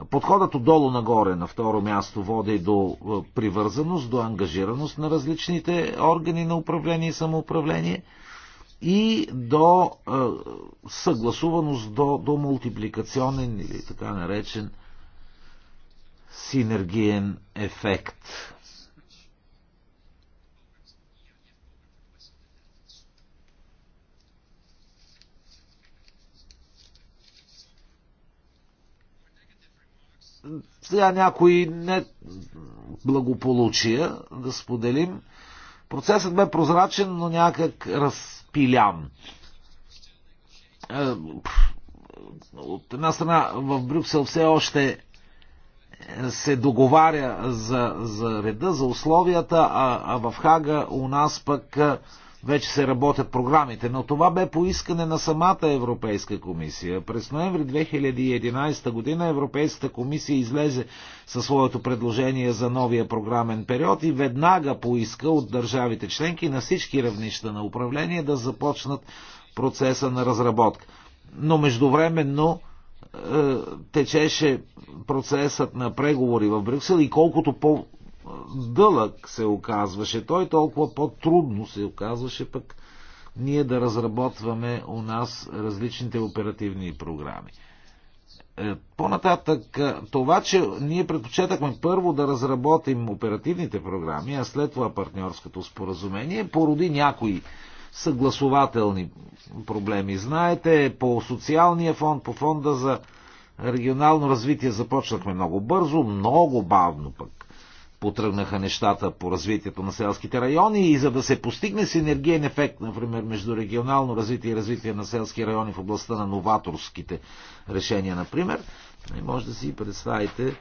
Speaker 3: Подходът отдолу нагоре на второ място води до е, привързаност, до ангажираност на различните органи на управление и самоуправление – и до е, съгласуваност, до, до мултипликационен или така наречен синергиен ефект. Сега някои не благополучия да споделим. Процесът бе прозрачен, но някак раз, Пилян. Е, от една страна в Брюксел все още е, се договаря за, за реда, за условията, а, а в Хага у нас пък е, вече се работят програмите, но това бе поискане на самата Европейска комисия. През ноември 2011 година Европейската комисия излезе със своето предложение за новия програмен период и веднага поиска от държавите членки на всички равнища на управление да започнат процеса на разработка. Но междувременно е, течеше процесът на преговори в Брюксел и колкото по по-дълъг се оказваше той, толкова по-трудно се оказваше пък ние да разработваме у нас различните оперативни програми. Е, по-нататък, е, това, че ние предпочитахме първо да разработим оперативните програми, а след това партньорското споразумение, породи някои съгласователни проблеми. Знаете, по социалния фонд, по фонда за регионално развитие започнахме много бързо, много бавно пък потръгнаха нещата по развитието на селските райони и за да се постигне синергиен ефект, например, между регионално развитие и развитие на селски райони в областта на новаторските решения, например, може да си представите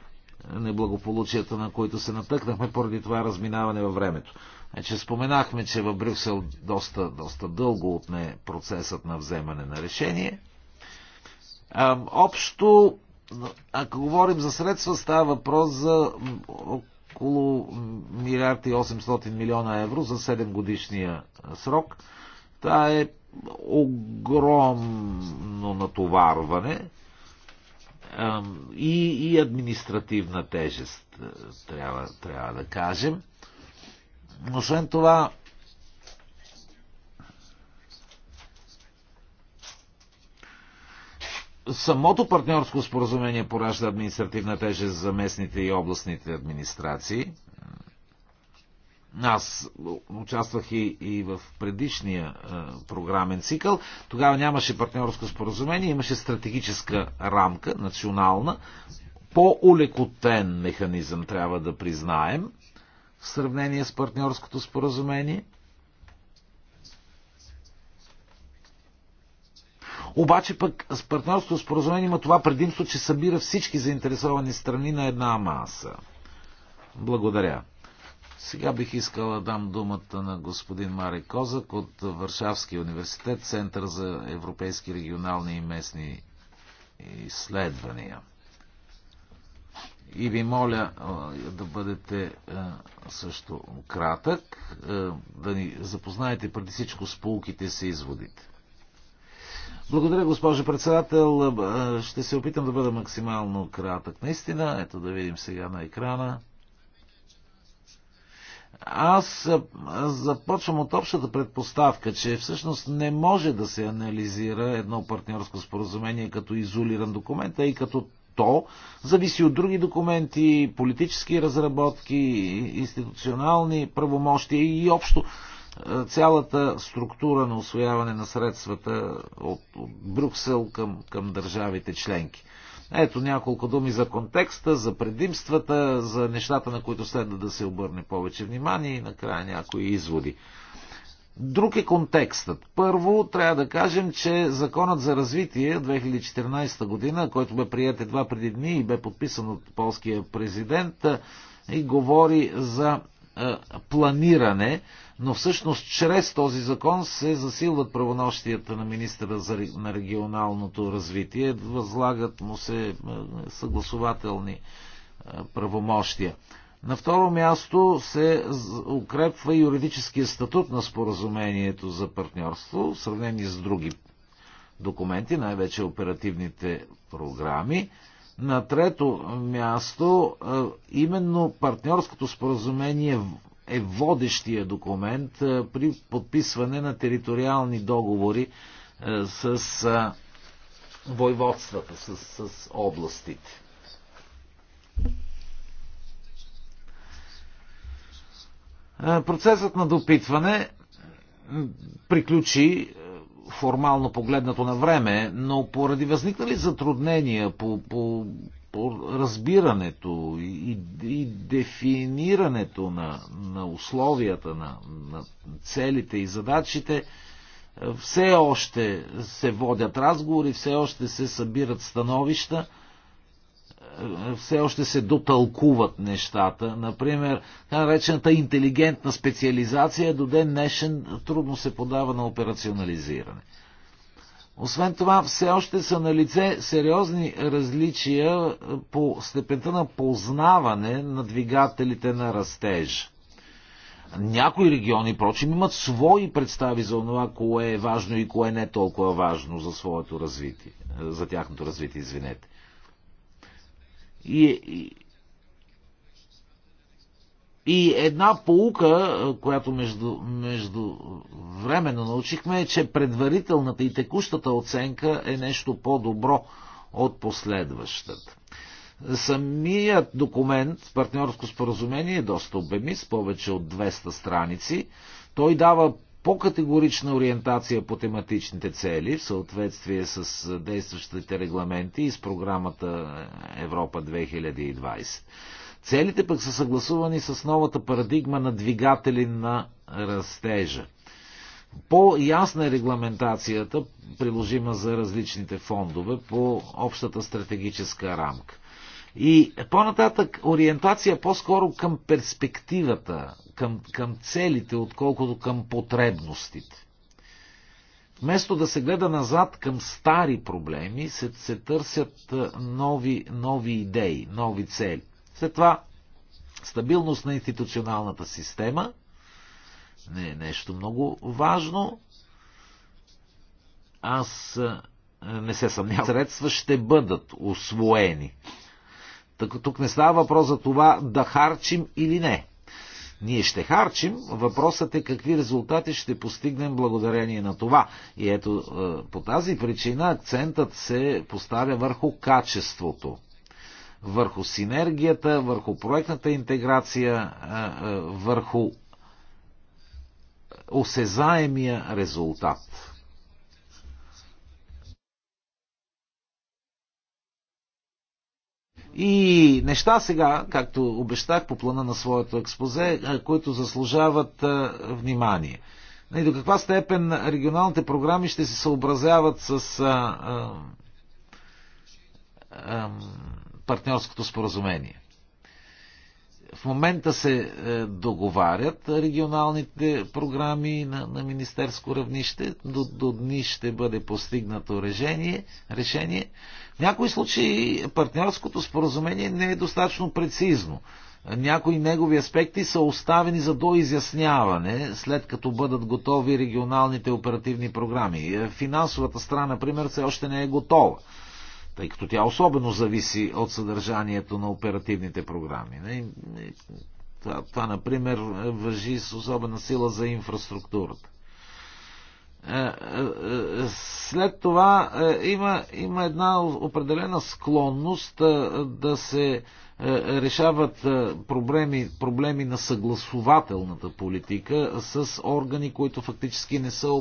Speaker 3: неблагополучията, на които се натъкнахме поради това разминаване във времето. Че значи, споменахме, че в Брюксел доста, доста дълго отне процесът на вземане на решение. А, общо, ако говорим за средства, става въпрос за около милиард и 800 милиона евро за 7 годишния срок. Това е огромно натоварване и, и административна тежест, е, трябва, трябва да кажем. Освен това, самото партньорско споразумение поражда административна тежест за местните и областните администрации. Аз участвах и, и в предишния а, програмен цикъл. Тогава нямаше партньорско споразумение, имаше стратегическа рамка, национална. По-улекотен механизъм трябва да признаем в сравнение с партньорското споразумение – Обаче пък с партньорство споразумение има това предимство, че събира всички заинтересовани страни на една маса. Благодаря. Сега бих искала да дам думата на господин Мари Козак от Варшавския университет, Център за европейски регионални и местни изследвания. И ви моля да бъдете също кратък, да ни запознаете преди всичко с полуките си с изводите. Благодаря, госпожо председател. Е, ще се опитам да бъда максимално кратък. Наистина, ето да видим сега на екрана. Аз е, започвам от общата предпоставка, че всъщност не може да се анализира едно партньорско споразумение като изолиран документ, а и като то зависи от други документи, политически разработки, институционални правомощи и общо цялата структура на освояване на средствата от, от Брюксел към, към държавите членки. Ето няколко думи за контекста, за предимствата, за нещата, на които следва да се обърне повече внимание и накрая някои изводи. Друг е контекстът. Първо, трябва да кажем, че Законът за развитие 2014 година, който бе прият едва преди дни и бе подписан от полския президент, и говори за е, планиране, но всъщност чрез този закон се засилват правонощията на министра на регионалното развитие, възлагат му се е, съгласователни е, правомощия. На второ място се укрепва юридическия статут на споразумението за партньорство в сравнение с други документи, най-вече оперативните програми. На трето място, е, именно партньорското споразумение е водещия документ е, при подписване на териториални договори е, с войводствата, с, с областите. Процесът на допитване приключи формално погледнато на време, но поради възникнали затруднения по, по, по разбирането и, и дефинирането на, на условията, на, на целите и задачите, е, все още се водят разговори, все още се събират становища все още се дотълкуват нещата. Например, наречената интелигентна специализация до ден днешен трудно се подава на операционализиране. Освен това, все още са на лице сериозни различия по степента на познаване на двигателите на растеж. Някои региони, прочим, имат свои представи за това, кое е важно и кое не е толкова важно за своето развитие, за тяхното развитие, извинете. И, и, и една полука, която между, между времено научихме, е, че предварителната и текущата оценка е нещо по-добро от последващата. Самият документ, партньорско споразумение, е доста обемист, повече от 200 страници. Той дава по-категорична ориентация по тематичните цели в съответствие с действащите регламенти и с програмата Европа 2020. Целите пък са съгласувани с новата парадигма на двигатели на растежа. По-ясна е регламентацията, приложима за различните фондове по общата стратегическа рамка. И по-нататък ориентация по-скоро към перспективата, към, към целите, отколкото към потребностите. Вместо да се гледа назад към стари проблеми, се, се търсят нови, нови идеи, нови цели. След това стабилност на институционалната система не е нещо много важно. Аз не се съмнявам, средства ще бъдат освоени тук не става въпрос за това да харчим или не. Ние ще харчим, въпросът е какви резултати ще постигнем благодарение на това. И ето е, по тази причина акцентът се поставя върху качеството, върху синергията, върху проектната интеграция, е, е, върху осезаемия резултат. И неща сега, както обещах по плана на своето експозе, които заслужават внимание. И нали, до каква степен регионалните програми ще се съобразяват с а, а, а, партньорското споразумение? В момента се е, договарят регионалните програми на, на министерско равнище. До, до дни ще бъде постигнато решение. решение някои случаи партньорското споразумение не е достатъчно прецизно. Някои негови аспекти са оставени за доизясняване, след като бъдат готови регионалните оперативни програми. Финансовата страна, например, все още не е готова, тъй като тя особено зависи от съдържанието на оперативните програми. Това, например, въжи с особена сила за инфраструктурата. Е, е, е, след това има, има една определена склонност да се решават проблеми, проблеми на съгласователната политика с органи, които фактически не са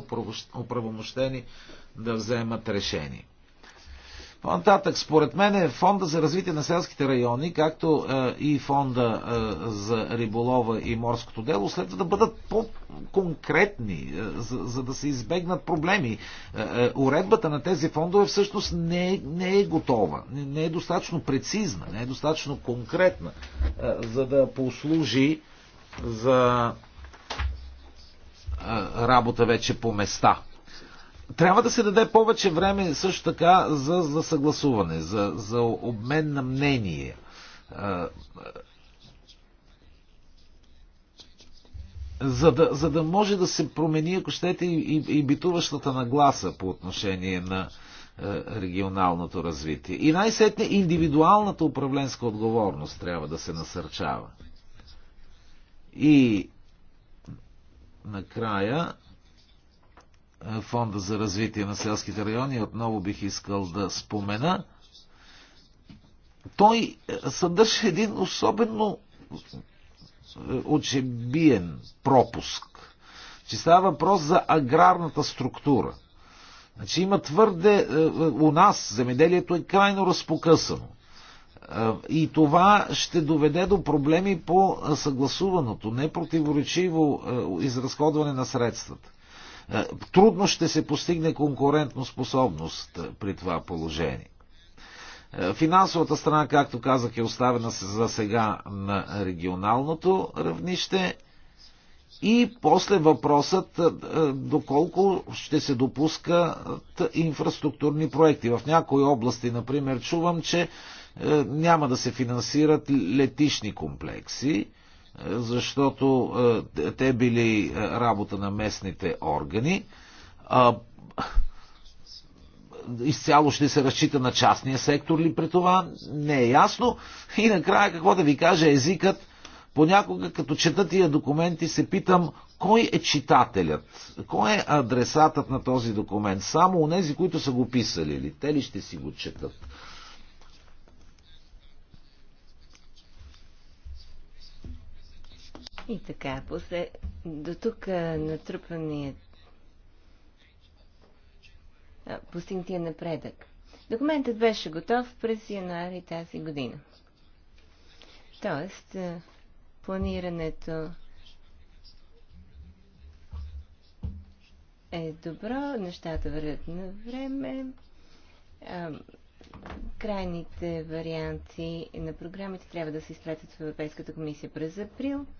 Speaker 3: оправомощени да вземат решение. По-нататък, според мен, е фонда за развитие на селските райони, както е, и фонда е, за риболова и морското дело, следва да бъдат по-конкретни, е, за, за да се избегнат проблеми. Уредбата на тези фондове всъщност не е, не е готова, не е достатъчно прецизна, не е достатъчно конкретна, за да послужи за работа вече по места трябва да се даде повече време също така за, за съгласуване, за, за обмен на мнение. За да, за да може да се промени, ако щете, и, и битуващата нагласа по отношение на регионалното развитие. И най-сетне индивидуалната управленска отговорност трябва да се насърчава. И накрая е, Фонда за развитие на селските райони, отново бих искал да спомена, той е, съдържа един особено е, очебиен пропуск. Че става въпрос за аграрната структура. Значи има твърде... У нас земеделието е крайно разпокъсано. И това ще доведе до проблеми по съгласуваното, непротиворечиво изразходване на средствата. Е, трудно ще се постигне конкурентно способност при това положение. Е, финансовата страна, както казах, е оставена за сега на регионалното равнище. И после въпросът е, доколко ще се допускат инфраструктурни проекти. В някои области, например, чувам, че няма да се финансират летишни комплекси защото е, те били е, работа на местните органи. Изцяло ще се разчита на частния сектор ли при това? Не е ясно. И накрая какво да ви кажа, езикът понякога като чета тия документи се питам кой е читателят, кой е адресатът на този документ. Само у нези, които са го писали ли, те ли ще си го четат?
Speaker 4: И така, после, до тук натрупаният постигнатия напредък. Документът беше готов през януари тази година. Тоест, планирането е добро, нещата вървят на време, крайните варианти на програмите трябва да се изпратят в Европейската комисия през април –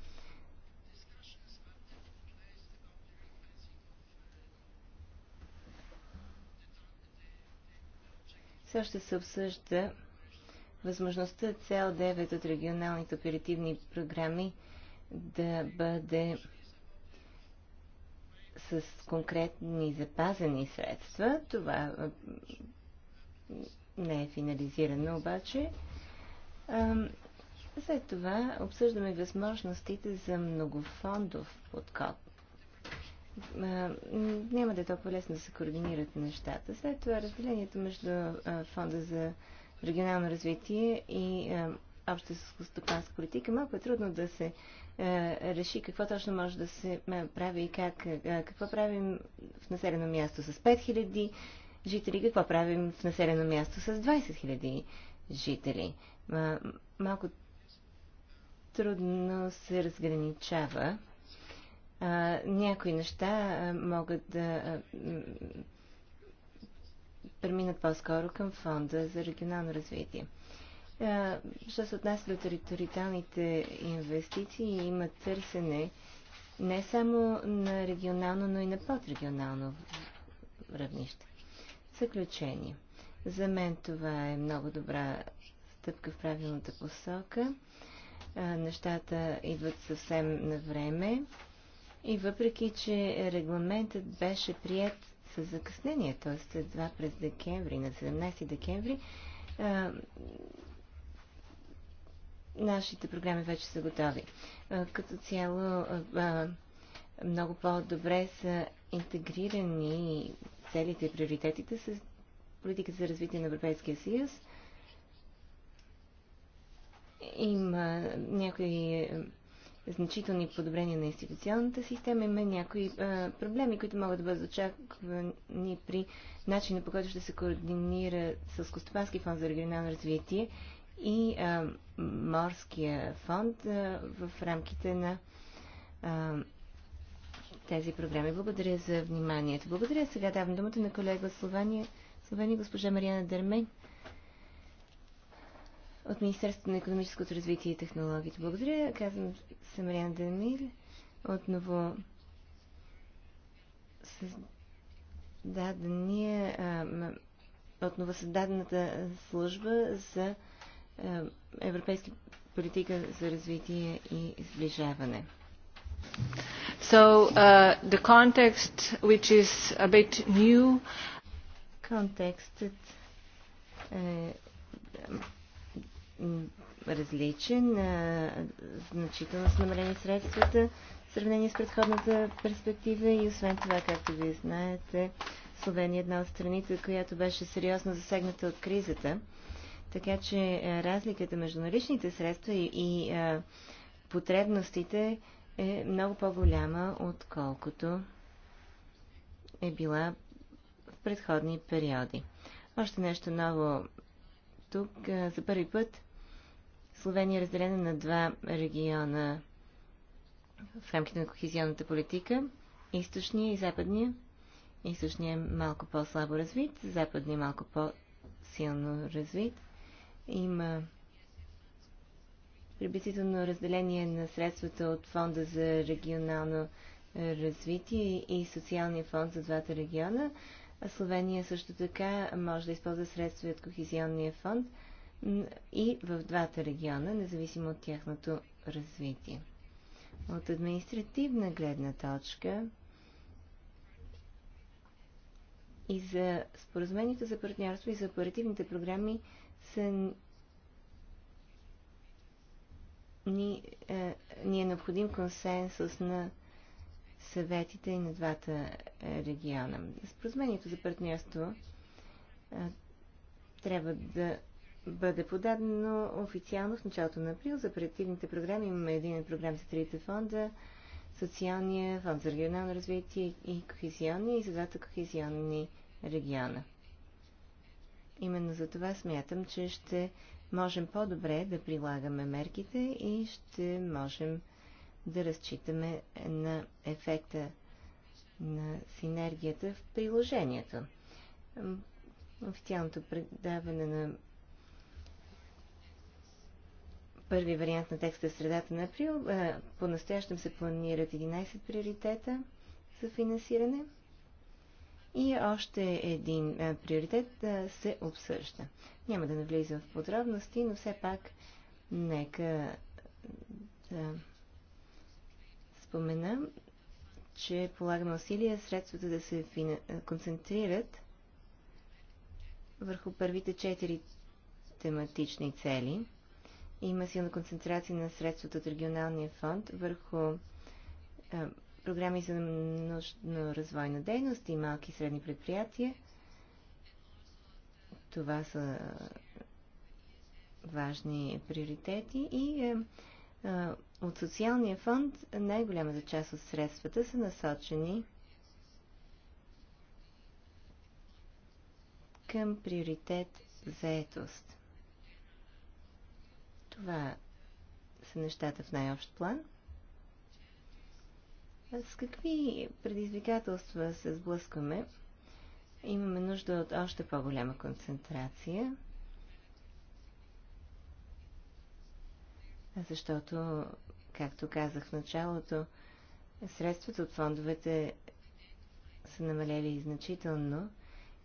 Speaker 4: все още се обсъжда възможността цел 9 от регионалните оперативни програми да бъде с конкретни запазени средства. Това не е финализирано обаче. След това обсъждаме възможностите за многофондов подход а, няма да е толкова лесно да се координират нещата. След това разделението между а, Фонда за регионално развитие и обща стопанска политика малко е трудно да се а, реши какво точно може да се а, прави и как. А, какво правим в населено място с 5000 жители, какво правим в населено място с 20 000 жители. А, малко трудно се разграничава а, някои неща а, могат да а, преминат по-скоро към фонда за регионално развитие. А, що се отнася до териториалните инвестиции, има търсене не само на регионално, но и на подрегионално равнище. Заключение. За мен това е много добра стъпка в правилната посока. А, нещата идват съвсем на време. И въпреки, че регламентът беше прият с закъснение, т.е. едва през декември, на 17 декември, а, нашите програми вече са готови. А, като цяло, а, много по-добре са интегрирани целите и приоритетите с политиката за развитие на Европейския съюз. Има някои значителни подобрения на институционната система. Има някои а, проблеми, които могат да бъдат очаквани при начина по който ще се координира Сълскостопански фонд за регионално развитие и а, морския фонд а, в рамките на а, тези програми. Благодаря за вниманието. Благодаря. Сега давам думата на колега Словения, Словения госпожа Мариана Дърмен от Министерството на економическото развитие и технологията. Благодаря. Казвам Мариан Дамир. Отново създадения, отново създадената служба за европейски политика за развитие и сближаване. So uh, the context, which is a bit new, контекстът е различен, значително са намалени средствата в сравнение с предходната перспектива и освен това, както вие знаете, Словения е една от страните, която беше сериозно засегната от кризата. Така че разликата между наличните средства и, и а, потребностите е много по-голяма, отколкото е била в предходни периоди. Още нещо ново. Тук а, за първи път Словения е разделена на два региона в рамките на кохезионната политика. Източния и западния. Източният е малко по-слабо развит, западният е малко по-силно развит. Има приблизително разделение на средствата от Фонда за регионално развитие и социалния фонд за двата региона. А Словения също така може да използва средства от Кохезионния фонд – и в двата региона, независимо от тяхното развитие. От административна гледна точка и за споразумението за партньорство и за оперативните програми са ни, е, ни е необходим консенсус на съветите и на двата региона. Споразумението за партньорство е, трябва да бъде подадено официално в началото на април. За оперативните програми имаме един програм за трите фонда, социалния фонд за регионално развитие и кохезионни и за двата кохезионни региона. Именно за това смятам, че ще можем по-добре да прилагаме мерките и ще можем да разчитаме на ефекта на синергията в приложението. Официалното предаване на първи вариант на текста в е средата на април. Е, по-настоящем се планират 11 приоритета за финансиране и още един а, е, приоритет а, се обсъжда. Няма да навлизам в подробности, но все пак нека да спомена, че полагаме усилия средствата да се фина... концентрират върху първите четири тематични цели – има силна концентрация на средствата от регионалния фонд върху а, е, програми за нужно развойна дейност и малки и средни предприятия. Това са важни приоритети и а, е, е, от социалния фонд най-голямата част от средствата са насочени към приоритет заетост. Това са нещата в най-общ план. С какви предизвикателства се сблъскваме? Имаме нужда от още по-голяма концентрация, защото, както казах в началото, средствата от фондовете са намалели значително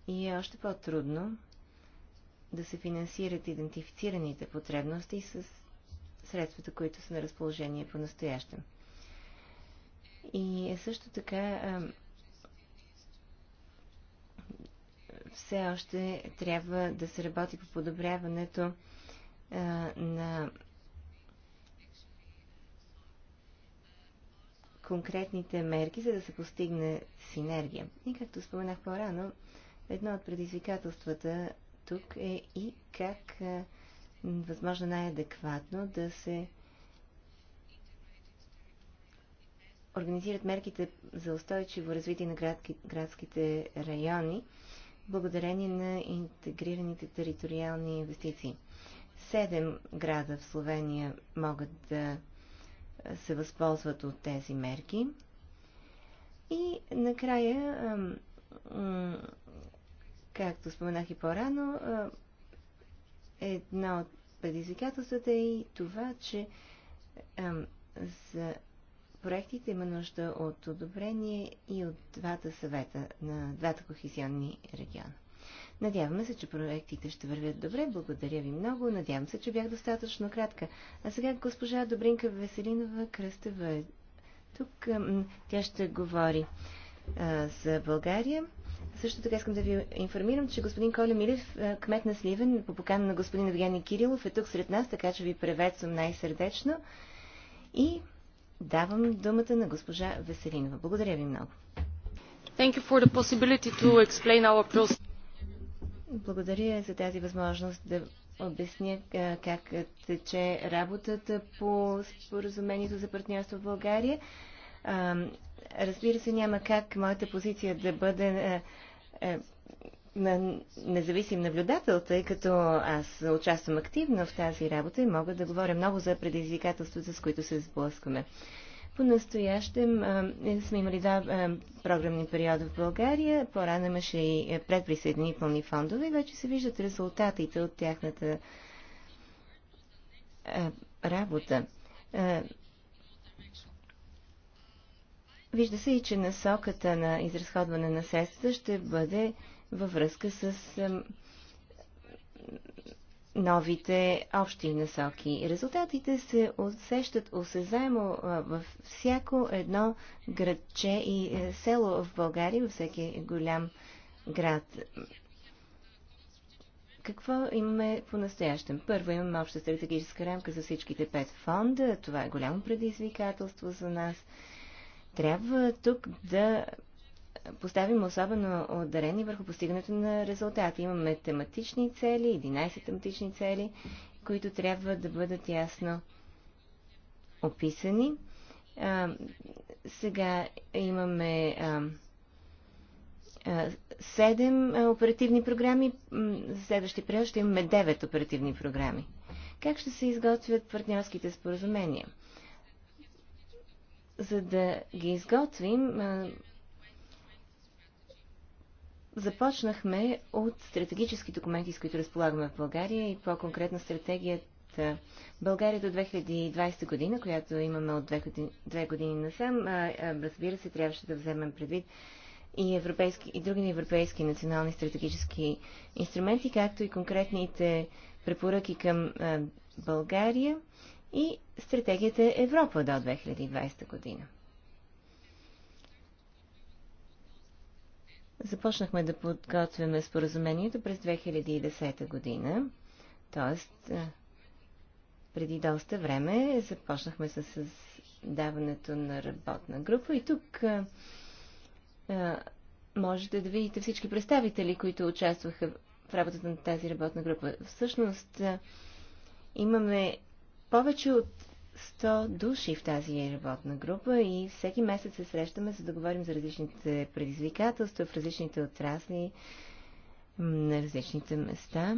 Speaker 4: и е още по-трудно да се финансират идентифицираните потребности с средствата, които са на разположение по настоящем. И също така все още трябва да се работи по подобряването на конкретните мерки, за да се постигне синергия. И както споменах по-рано, едно от предизвикателствата тук е и как възможно най-адекватно да се организират мерките за устойчиво развитие на градки, градските райони, благодарение на интегрираните териториални инвестиции. Седем града в Словения могат да се възползват от тези мерки. И накрая Както споменах и по-рано, една от предизвикателствата е и това, че за проектите има нужда от одобрение и от двата съвета на двата кохезионни региона. Надяваме се, че проектите ще вървят добре. Благодаря ви много. Надявам се, че бях достатъчно кратка. А сега госпожа Добринка Веселинова Кръстева е тук. Тя ще говори а, за България. Също така искам да ви информирам, че господин Коля Милев, е, кмет на Сливен, по покана на господин Евгений Кирилов, е тук сред нас, така че ви приветствам най-сърдечно. И давам думата на госпожа Веселинова. Благодаря ви много. Thank you for the possibility to explain our process. Благодаря за тази възможност да обясня е, как тече работата по споразумението за партньорство в България. Разбира се, няма как моята позиция да бъде е, е, на независим наблюдател, тъй като аз участвам активно в тази работа и мога да говоря много за предизвикателствата, с които се сблъскваме. По-настоящем е, сме имали два програмни периода в България. По-рано имаше и е, предприсъединителни фондове и вече се виждат резултатите от тяхната работа. Вижда се и, че насоката на изразходване на средствата ще бъде във връзка с новите общи насоки. Резултатите се усещат осезаемо във всяко едно градче и е, село в България, във всеки голям град. Какво имаме по-настоящем? Първо имаме обща стратегическа рамка за всичките пет фонда. Това е голямо предизвикателство за нас. Трябва тук да поставим особено ударени върху постигането на резултати. Имаме тематични цели, 11 тематични цели, които трябва да бъдат ясно описани. А, сега имаме а, а, 7 оперативни програми, за следващи период ще имаме 9 оперативни програми. Как ще се изготвят партньорските споразумения? за да ги изготвим, започнахме от стратегически документи, с които разполагаме в България и по-конкретно стратегията България до 2020 година, която имаме от две години, две години насам. Разбира се, трябваше да вземем предвид и, европейски, и други европейски национални стратегически инструменти, както и конкретните препоръки към България и стратегията Европа до 2020 година. Започнахме да подготвяме споразумението през 2010 година, т.е. преди доста време започнахме с създаването на работна група и тук е, е, можете да видите всички представители, които участваха в работата на тази работна група. Всъщност, е, имаме повече от 100 души в тази работна група и всеки месец се срещаме, за да говорим за различните предизвикателства в различните отрасли на различните места.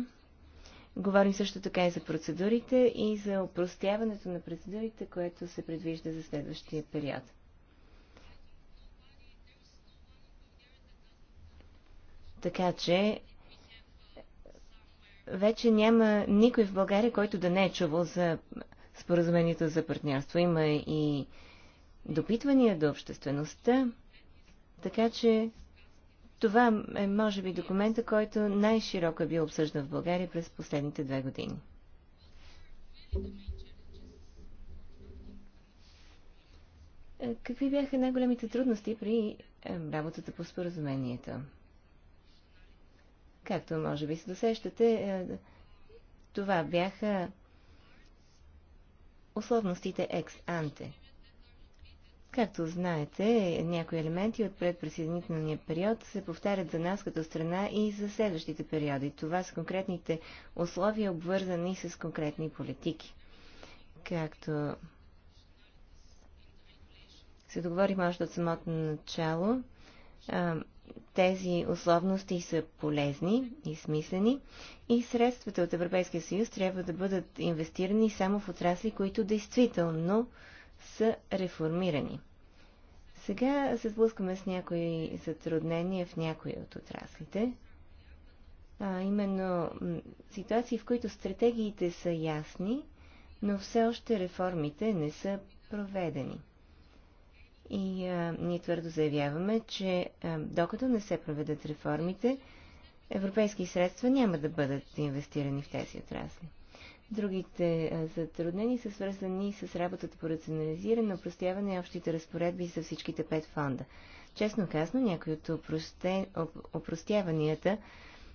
Speaker 4: Говорим също така и за процедурите и за упростяването на процедурите, което се предвижда за следващия период. Така че вече няма никой в България, който да не е чувал за споразумението за партньорство. Има и допитвания до обществеността, така че това е, може би, документа, който най-широко е бил обсъждан в България през последните две години. Е, какви бяха най-големите трудности при е, работата по споразумението? Както може би се досещате, е, това бяха условностите екс-анте. Както знаете, някои елементи от предприсъединителния период се повтарят за нас като страна и за следващите периоди. Това са конкретните условия, обвързани с конкретни политики. Както се договорим още от самото начало, тези условности са полезни и смислени и средствата от Европейския съюз трябва да бъдат инвестирани само в отрасли, които действително са реформирани. Сега се сблъскаме с някои затруднения в някои от отраслите, а именно ситуации, в които стратегиите са ясни, но все още реформите не са проведени. И а, ние твърдо заявяваме, че а, докато не се проведат реформите, европейски средства няма да бъдат инвестирани в тези отрасли. Другите затруднени са свързани с работата по рационализиране, опростяване и общите разпоредби за всичките пет фонда. Честно казано, някои от опросте... опростяванията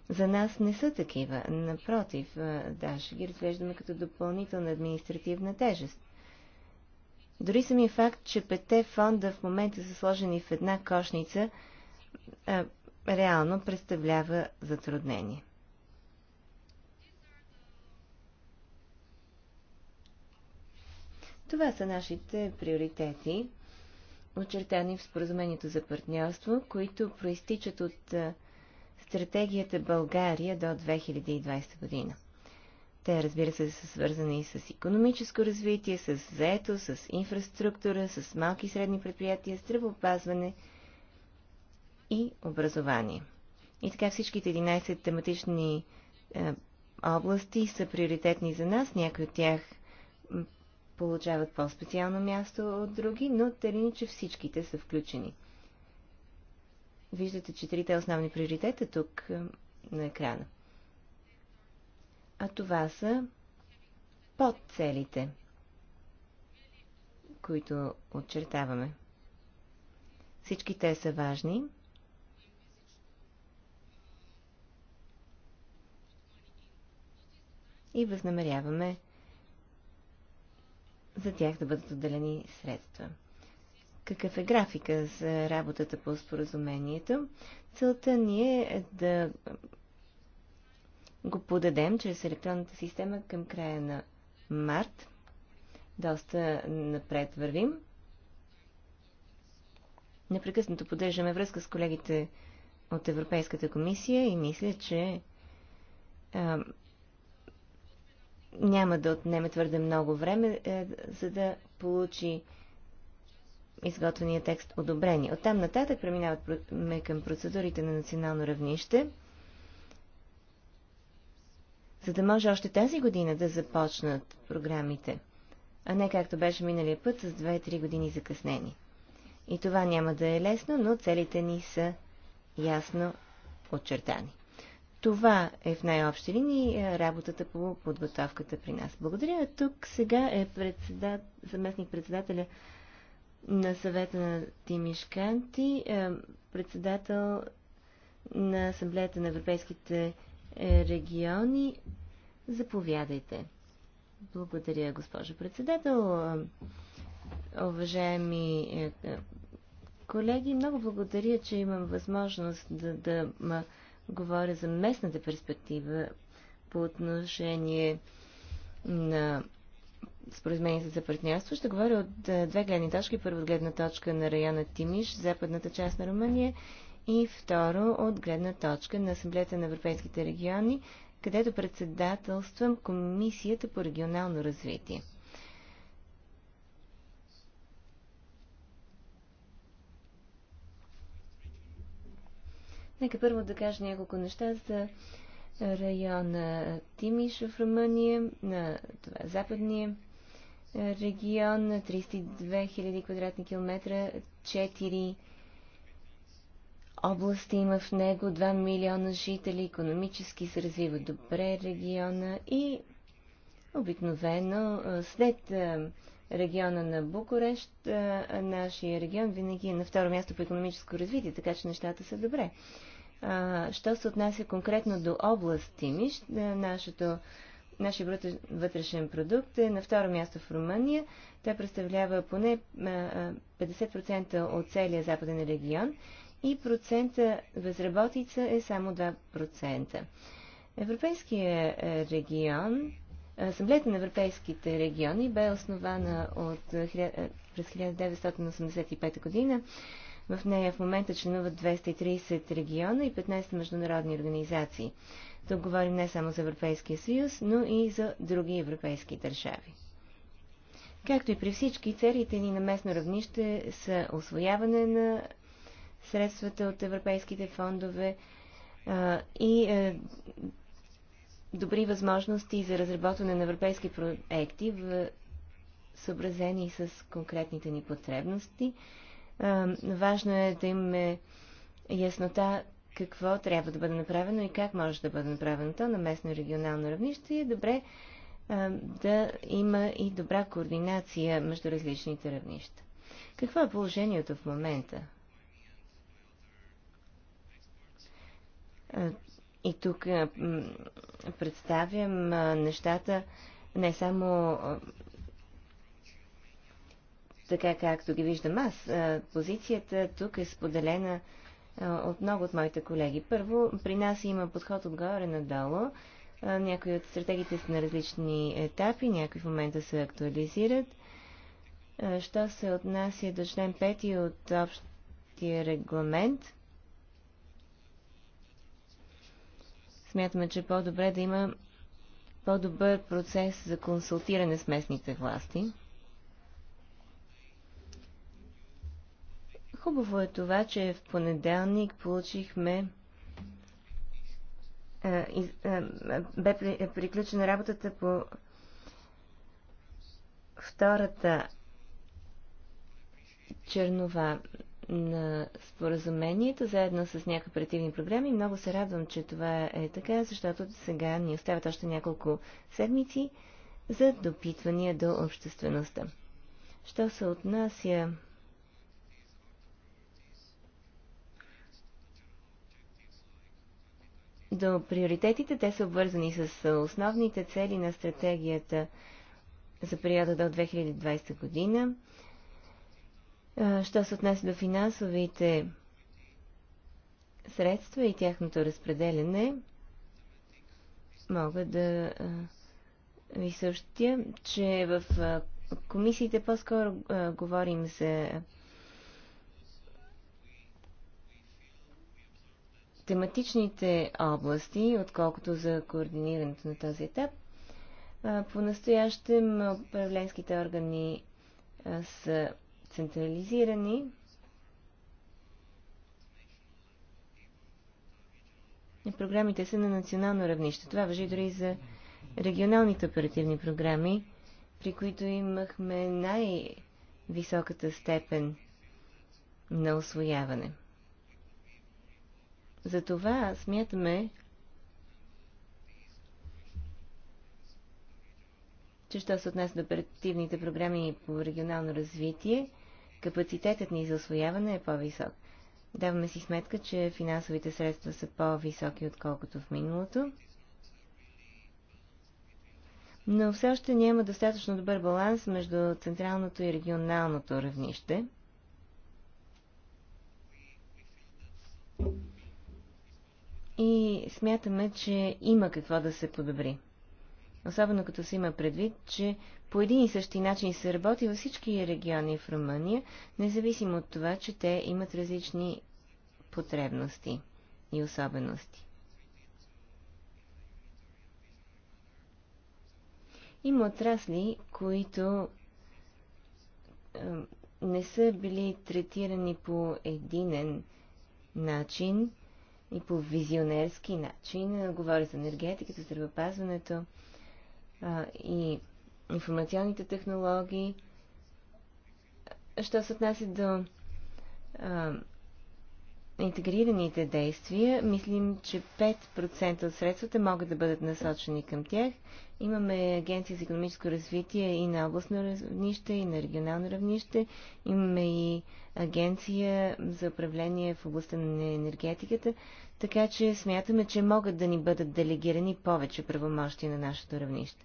Speaker 4: за нас не са такива. Напротив, даже ги разглеждаме като допълнителна административна тежест. Дори самия факт, че пете фонда в момента са сложени в една кошница, а, реално представлява затруднение. Това са нашите приоритети, очертани в споразумението за партньорство, които проистичат от стратегията България до 2020 година. Те, разбира се, са свързани и с економическо развитие, с заето, с инфраструктура, с малки и средни предприятия, здравеопазване и образование. И така всичките 11 тематични е, области са приоритетни за нас. Някои от тях получават по-специално място от други, но тъй че всичките са включени. Виждате четирите основни приоритета тук е, на екрана а това са подцелите, които отчертаваме. Всички те са важни. И възнамеряваме за тях да бъдат отделени средства. Какъв е графика за работата по споразумението? Целта ни е да го подадем чрез електронната система към края на март. Доста напред вървим. Непрекъснато поддържаме връзка с колегите от Европейската комисия и мисля, че а, няма да отнеме твърде много време, а, е, за да получи изготвения текст одобрение. Оттам нататък преминаваме към процедурите на национално равнище – за да може още тази година да започнат програмите, а не както беше миналия път с 2-3 години закъснени. И това няма да е лесно, но целите ни са ясно очертани. Това е в най-общи линии работата по подготовката при нас. Благодаря. Тук сега е председат, заместник председателя на съвета на Тимиш Канти, председател на Асамблеята на европейските е региони. Заповядайте. Благодаря, госпожо председател. Уважаеми е, е, колеги, много благодаря, че имам възможност да, да ма, говоря за местната перспектива по отношение на споразумението за партньорство. Ще говоря от две гледни точки. Първо от гледна точка на района Тимиш, западната част на Румъния и второ от гледна точка на Асамблеята на Европейските региони, където председателствам Комисията по регионално развитие. Нека първо да кажа няколко неща за района Тимиш в Румъния, на това е западния регион 32 000 квадратни километра, области има в него 2 милиона жители, економически се развива добре региона и обикновено след региона на Букурещ, нашия регион винаги е на второ място по економическо развитие, така че нещата са добре. Що се отнася конкретно до област Тимиш, нашето Нашия вътрешен продукт е на второ място в Румъния. Той представлява поне 50% от целия западен регион и процента безработица е само 2%. Европейския е, регион, Асамблеята на европейските региони бе основана от, е, е, през 1985 година. В нея в момента членуват 230 региона и 15 международни организации. Тук говорим не само за Европейския съюз, но и за други европейски държави. Както и при всички, целите ни на местно равнище са освояване на средствата от европейските фондове а, и а, е, добри възможности за разработване на европейски проекти, в, съобразени с конкретните ни потребности. А, важно е да имаме яснота какво трябва да бъде направено и как може да бъде направено то на местно и регионално равнище. Е добре а, да има и добра координация между различните равнища. Какво е положението в момента? Е, и тук представям нещата не само така както ги виждам аз. Позицията тук е споделена от много от моите колеги. Първо, при нас има подход отгоре надолу. Някои от стратегиите са на различни етапи, някои в момента се актуализират. Що се отнася до член 5 от общия регламент, Смятаме, че е по-добре да има по-добър процес за консултиране с местните власти. Хубаво е това, че в понеделник получихме бе е приключена работата по втората чернова на споразумението, заедно с някои оперативни програми. Много се радвам, че това е така, защото сега ни остават още няколко седмици за допитвания до обществеността. Що се отнася до приоритетите, те са обвързани с основните цели на стратегията за периода до 2020 година Що се отнася до финансовите средства и тяхното разпределяне, мога да ви съобщя, че в комисиите по-скоро говорим за тематичните области, отколкото за координирането на този етап. По-настоящем управленските органи са централизирани. И програмите са на национално равнище. Това въжи дори за регионалните оперативни програми, при които имахме най-високата степен на освояване. Затова смятаме, че що се отнася до оперативните програми по регионално развитие, капацитетът ни за освояване е по-висок. Даваме си сметка, че финансовите средства са по-високи, отколкото в миналото. Но все още няма достатъчно добър баланс между централното и регионалното равнище. И смятаме, че има какво да се подобри. Особено като се има предвид, че по един и същи начин се работи във всички региони в Румъния, независимо от това, че те имат различни потребности и особености. Има отрасли, които не са били третирани по единен начин и по визионерски начин. Говоря за енергетиката, здравеопазването, и информационните технологии. Що се отнася до а, интегрираните действия, мислим, че 5% от средствата могат да бъдат насочени към тях. Имаме Агенция за економическо развитие и на областно равнище, и на регионално равнище. Имаме и Агенция за управление в областта на енергетиката. Така че смятаме, че могат да ни бъдат делегирани повече правомощи на нашето равнище.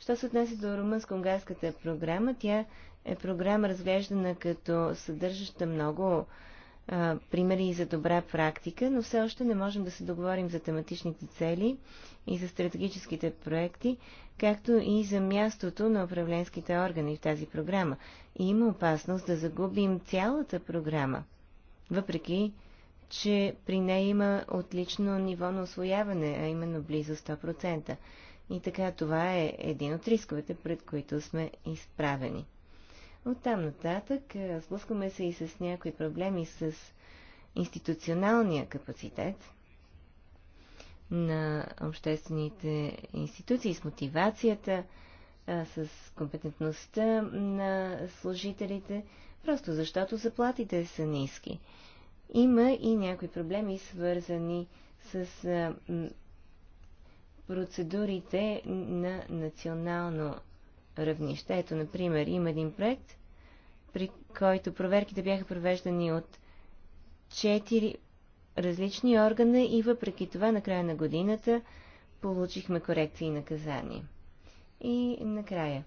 Speaker 4: Що се отнася до румънско-унгарската програма, тя е програма разглеждана като съдържаща много а, примери за добра практика, но все още не можем да се договорим за тематичните цели и за стратегическите проекти, както и за мястото на управленските органи в тази програма. И има опасност да загубим цялата програма, въпреки че при нея има отлично ниво на освояване, а именно близо 100%. И така това е един от рисковете, пред които сме изправени. От там нататък сблъскваме се и с някои проблеми с институционалния капацитет на обществените институции, с мотивацията, с компетентността на служителите, просто защото заплатите са ниски. Има и някои проблеми, свързани с процедурите на национално равнища. Ето, например, има един проект, при който проверките бяха провеждани от 4 различни органа и въпреки това на края на годината получихме корекции и наказания. И накрая.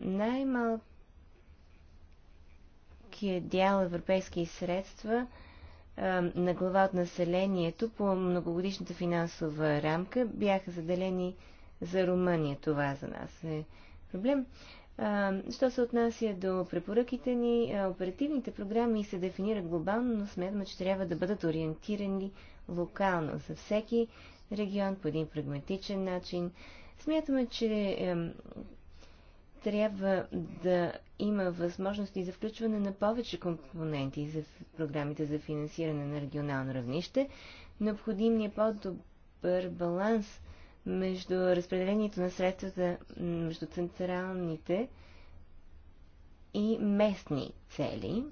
Speaker 4: най-малкият дял европейски средства на глава от населението по многогодишната финансова рамка бяха заделени за Румъния. Това за нас е проблем. Що се отнася до препоръките ни, оперативните програми се дефинират глобално, но смятаме, че трябва да бъдат ориентирани локално за всеки регион по един прагматичен начин. Смятаме, че трябва да има възможности за включване на повече компоненти за програмите за финансиране на регионално равнище. Необходим е по-добър баланс между разпределението на средствата между централните и местни цели.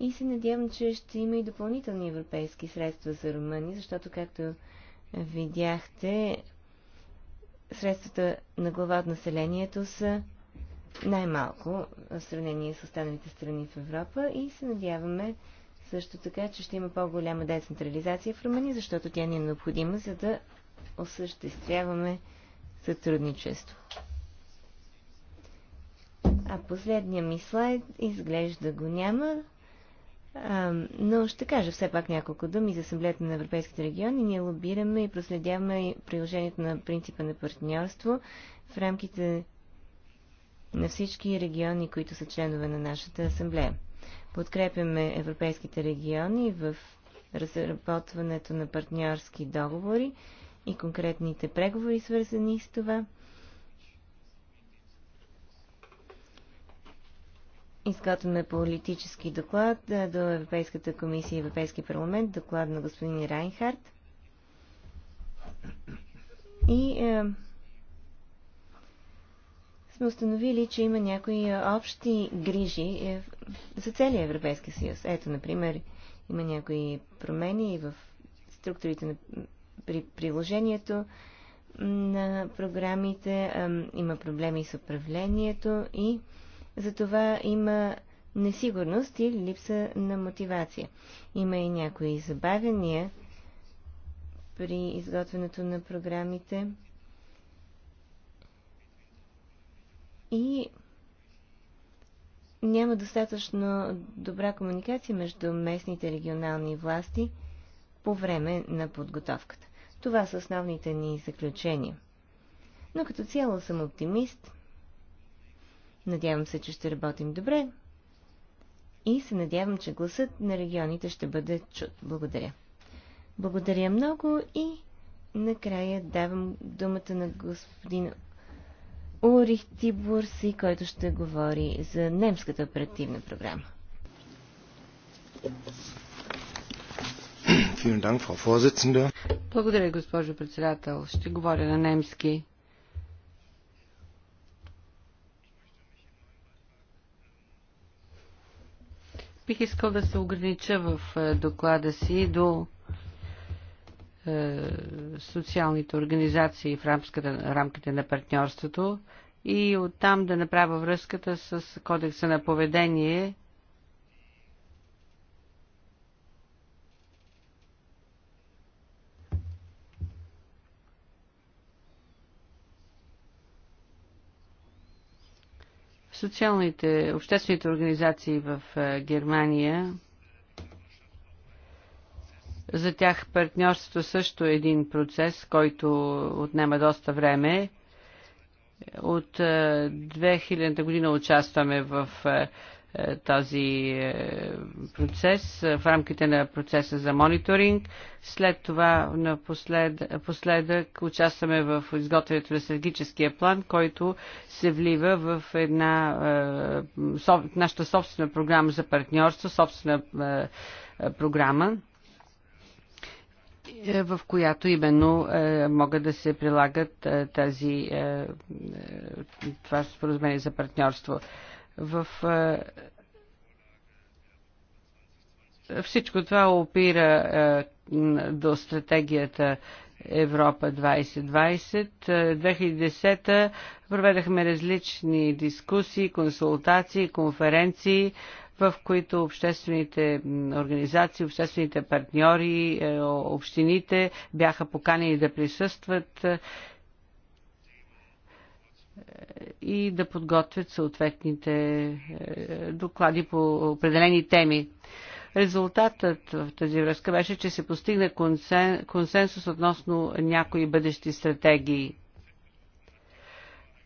Speaker 4: И се надявам, че ще има и допълнителни европейски средства за Румъния, защото, както видяхте, средствата на глава от населението са най-малко в сравнение с останалите страни в Европа и се надяваме също така, че ще има по-голяма децентрализация в Румъния, защото тя ни е необходима, за да осъществяваме сътрудничество. А последния ми слайд изглежда го няма, а, но ще кажа все пак няколко думи за Асамблеята на Европейските региони. Ние лобираме и проследяваме приложението на принципа на партньорство в рамките на всички региони, които са членове на нашата асамблея. Подкрепяме европейските региони в разработването на партньорски договори и конкретните преговори, свързани с това. Изготвяме политически доклад до Европейската комисия и Европейски парламент, доклад на господин Райнхард. И е, сме установили, че има някои общи грижи е, за целия Европейски съюз. Ето, например, има някои промени в структурите на при приложението на програмите, има проблеми с управлението и за това има несигурност и липса на мотивация. Има и някои забавяния при изготвянето на програмите. И няма достатъчно добра комуникация между местните регионални власти по време на подготовката. Това са основните ни заключения. Но като цяло съм оптимист. Надявам се, че ще работим добре. И се надявам, че гласът на регионите ще бъде чут. Благодаря. Благодаря много и накрая давам думата на господин Урих Тибурси, който ще говори за немската оперативна програма.
Speaker 2: Благодаря, госпожо председател. Ще говоря на немски. Бих искал да се огранича в е, доклада си до е, социалните организации в рамката, рамките на партньорството и оттам да направя връзката с кодекса на поведение социалните, обществените организации в е, Германия за тях партньорството също е един процес, който отнема доста време. От 2000 е, година участваме в е, е, този процес, в рамките на процеса за мониторинг. След това напоследък последък участваме в изготвянето на стратегическия план, който се влива в една нашата собствена програма за партньорство, собствена програма е, в която именно е, могат да се прилагат е, тази, това споразумение за партньорство. В всичко това опира до стратегията Европа 2020. 2010 проведахме различни дискусии, консултации, конференции в които обществените организации, обществените партньори, е, общините бяха поканени да присъстват е, и да подготвят съответните е, доклади по определени теми. Резултатът в тази връзка беше, че се постигна консенсус относно някои бъдещи стратегии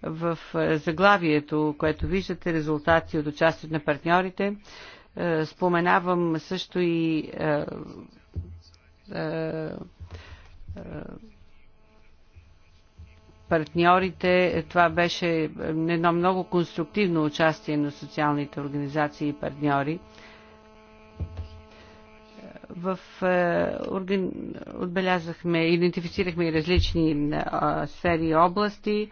Speaker 2: в е, заглавието, което виждате, резултати от участието на партньорите, е, споменавам също и е, партньорите. Това беше едно много конструктивно участие на социалните организации и партньори. В, орган... отбелязахме, идентифицирахме и различни сфери и области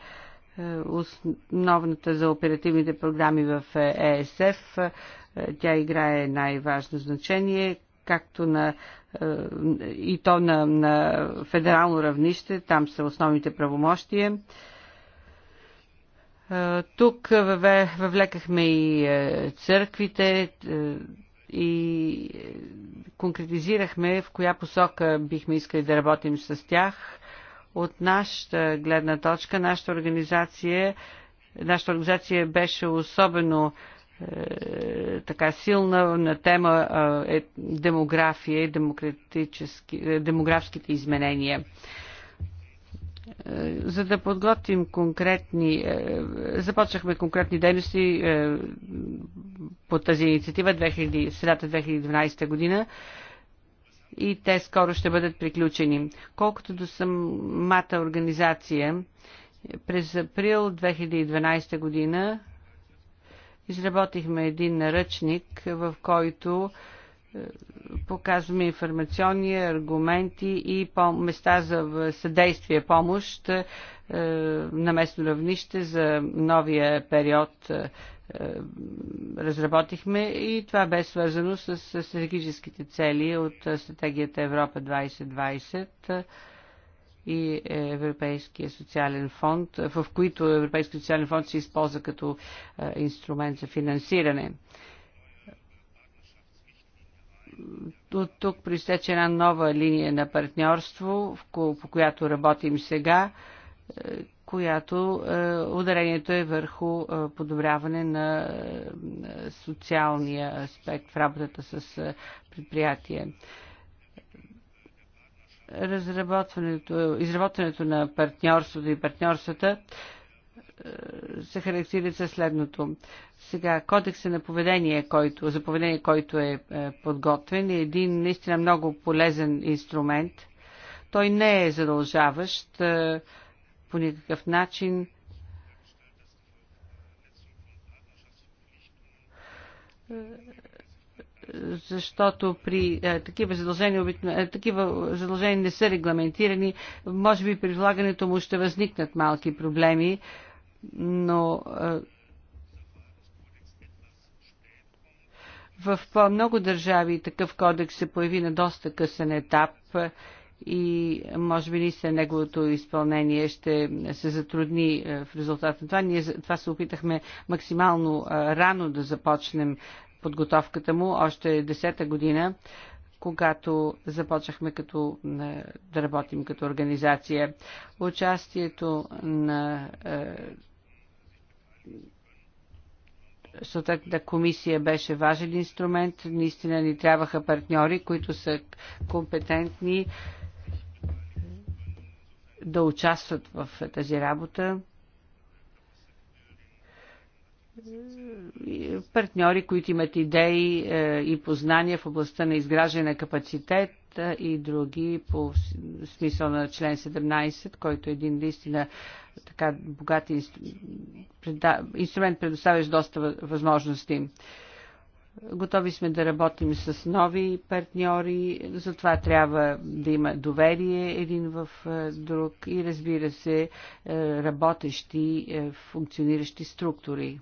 Speaker 2: е, основната за оперативните програми в е, ЕСФ. Е, тя играе най-важно значение, както на, и то на, на федерално равнище, там са основните правомощия. Тук въвлекахме и църквите и конкретизирахме в коя посока бихме искали да работим с тях от нашата гледна точка, нашата организация, нашата организация беше особено е, така силна на тема е, демография и е, демографските изменения е, за да подготвим конкретни... Е, започнахме конкретни дейности по тази инициатива 2000, средата 2012 година и те скоро ще бъдат приключени. Колкото до самата организация, през април 2012 година изработихме един наръчник, в който е, показваме информационни аргументи и места за съдействие, помощ е, на местно равнище за новия период е, е, разработихме и това бе свързано с стратегическите цели от е, стратегията Европа 2020 е, и Европейския социален фонд, в които Европейския социален фонд се използва като инструмент за финансиране. От тук пристече една нова линия на партньорство, по която работим сега, която е, ударението е върху е, подобряване на е, социалния аспект в работата с предприятие. Разработването, изработването на партньорството и партньорствата се характери със следното. Сега, кодекса на поведение, който, за поведение, който е подготвен, е един наистина много полезен инструмент. Той не е задължаващ, по никакъв начин защото при е, такива, задължения, обикно, е, такива задължения не са регламентирани. Може би при влагането му ще възникнат малки проблеми, но е, в по-много държави такъв кодекс се появи на доста късен етап. Е, и може би наистина неговото изпълнение ще се затрудни е, в резултат на това. Ние това се опитахме максимално е, рано да започнем подготовката му, още десета година, когато започнахме като, е, да работим като организация. Участието на съответната комисия беше важен инструмент. Наистина ни трябваха партньори, които са компетентни, да участват в тази работа. Партньори, които имат идеи е, и познания в областта на изграждане на капацитет е, и други по смисъл на член 17, който е един наистина така богат инструмент, предоставящ доста възможности. Готови сме да работим с нови партньори, затова трябва да има доверие един в е, друг и разбира се е, работещи, е, функциониращи
Speaker 1: структури.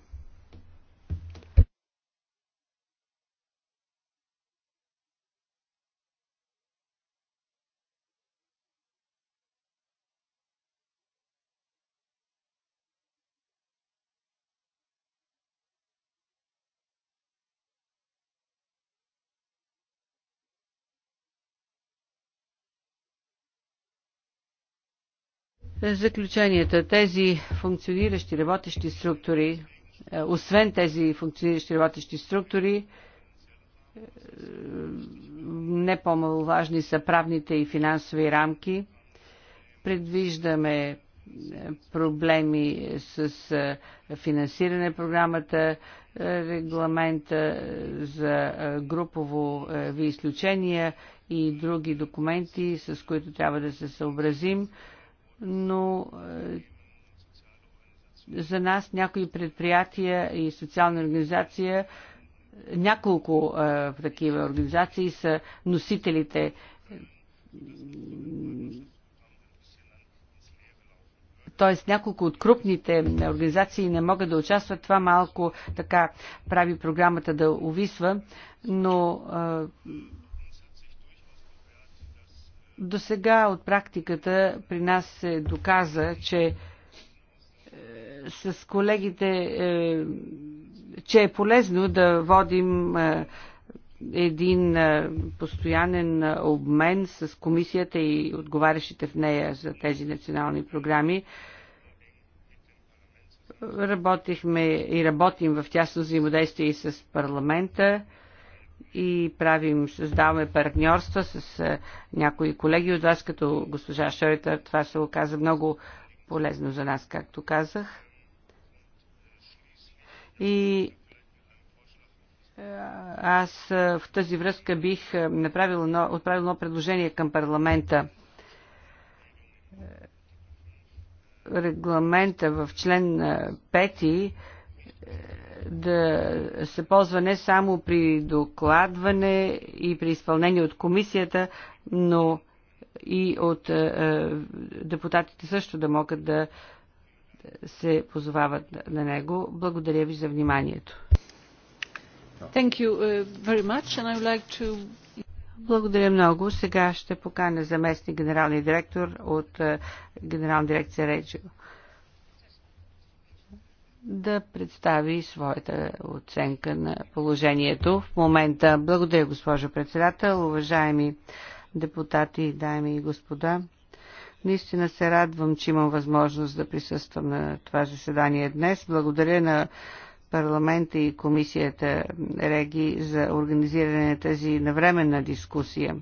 Speaker 2: Заключенията. Тези функциониращи работещи структури, е, освен тези функциониращи работещи структури, е, не по-маловажни са правните и финансови рамки. Предвиждаме е, проблеми с финансиране програмата, регламента за групово ви изключения и други документи, с които трябва да се съобразим но е, за нас някои предприятия и социална организация, няколко е, такива организации са носителите т.е. няколко от крупните организации не могат да участват. Това малко така прави програмата да увисва, но е, до сега от практиката при нас се доказа, че е, с колегите, е, че е полезно да водим е, един постоянен обмен с комисията и отговарящите в нея за тези национални програми. Работихме и работим в тясно взаимодействие и с парламента и правим, създаваме партньорства с е, някои колеги от вас, като госпожа Шойтър. Това се оказа много полезно за нас, както казах. И е, аз е, в тази връзка бих направил едно, отправил едно предложение към парламента. Регламента в член 5 да се ползва не само при докладване и при изпълнение от комисията, но и от е, е, депутатите също да могат да се позовават на него. Благодаря ви за вниманието.
Speaker 1: Е, like to...
Speaker 2: Благодаря много. Сега ще поканя заместник генералния директор от Генерална дирекция Реджио да представи своята оценка на положението в момента. Благодаря, госпожо председател, уважаеми депутати, дами и господа. Наистина се радвам, че имам възможност да присъствам на това заседание днес. Благодаря на парламента и комисията Реги за организиране на тази навременна дискусия.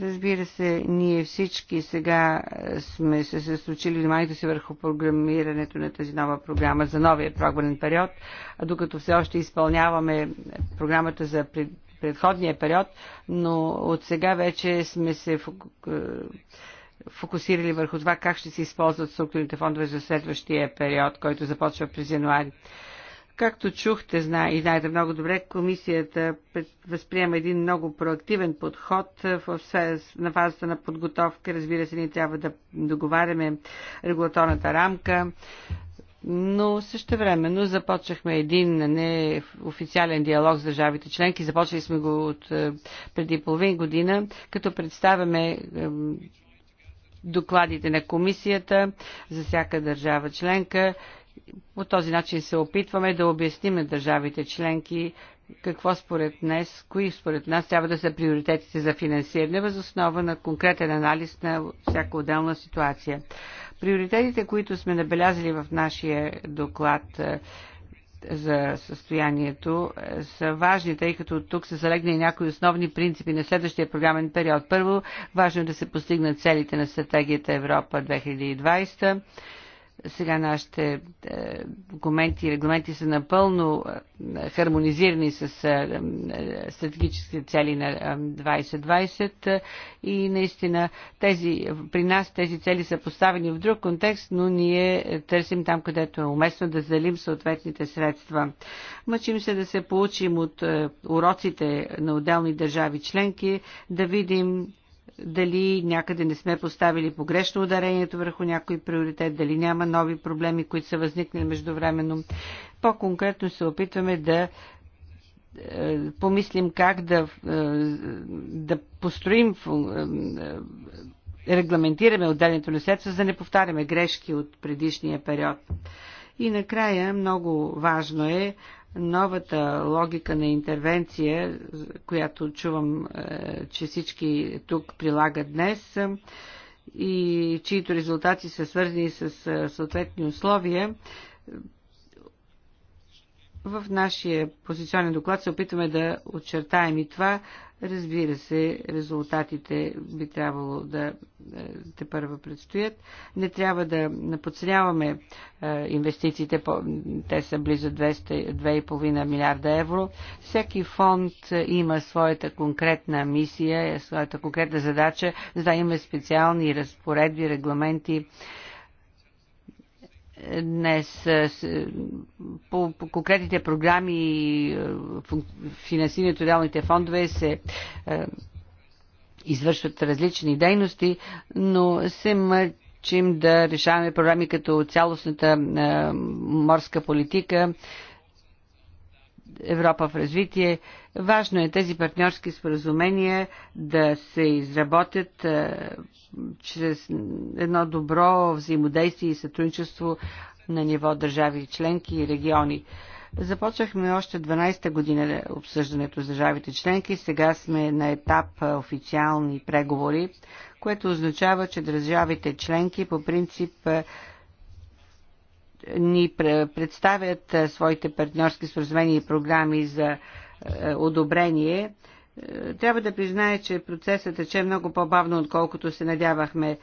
Speaker 2: Разбира се, ние всички сега е, сме се съсочили вниманието си върху програмирането на тази нова програма за новия програмен период, а докато все още изпълняваме програмата за предходния период, но от сега вече сме се е, фокусирали върху това как ще се използват структурните фондове за следващия период, който започва през януари Както чухте знае и знаете много добре, комисията възприема един много проактивен подход в, на фазата на подготовка. Разбира се, ние трябва да договаряме регулаторната рамка, но също но започнахме един неофициален диалог с държавите членки. Започнали сме го от преди половин година, като представяме докладите на комисията за всяка държава членка по този начин се опитваме да обясним на държавите членки какво според нас, кои според нас трябва да са приоритетите за финансиране, въз основа на конкретен анализ на всяка отделна ситуация. Приоритетите, които сме набелязали в нашия доклад е, за състоянието, е, са важни, тъй като тук са залегнали някои основни принципи на следващия програмен период. Първо, важно е да се постигнат целите на стратегията Европа 2020 сега нашите е, документи и регламенти са напълно е, хармонизирани с е, стратегическите цели на 2020 и наистина тези, при нас тези цели са поставени в друг контекст, но ние търсим там, където е уместно да залим съответните средства. Мъчим се да се получим от уроците на отделни държави членки, да видим дали някъде не сме поставили погрешно ударението върху някой приоритет, дали няма нови проблеми, които са възникнали междувременно. По-конкретно се опитваме да е, помислим как да, е, да построим, е, регламентираме отделението на средства, за да не повтаряме грешки от предишния период. И накрая много важно е новата логика на интервенция, която чувам, е, че всички тук прилагат днес е, и чието резултати са свързани с е, съответни условия, в нашия позиционен доклад се опитваме да очертаем и това. Разбира се, резултатите би трябвало да е, те първа предстоят. Не трябва да подценяваме е, инвестициите, те са близо 2,5 милиарда евро. Всеки фонд има своята конкретна мисия, своята конкретна задача, за да има специални разпоредби, регламенти, днес е, е, по, по конкретните програми и е, финансирането реалните фондове се е, извършват различни дейности, но се мъчим да решаваме програми като цялостната е, морска политика, Европа в развитие. Важно е тези партньорски споразумения да се изработят чрез едно добро взаимодействие и сътрудничество на ниво държави членки и региони. Започнахме още 12-та година обсъждането с държавите членки, сега сме на етап официални преговори, което означава, че държавите членки по принцип ни представят своите партньорски споразумения и програми за одобрение, е, трябва да призная, че процесът тече много по-бавно, отколкото се надявахме.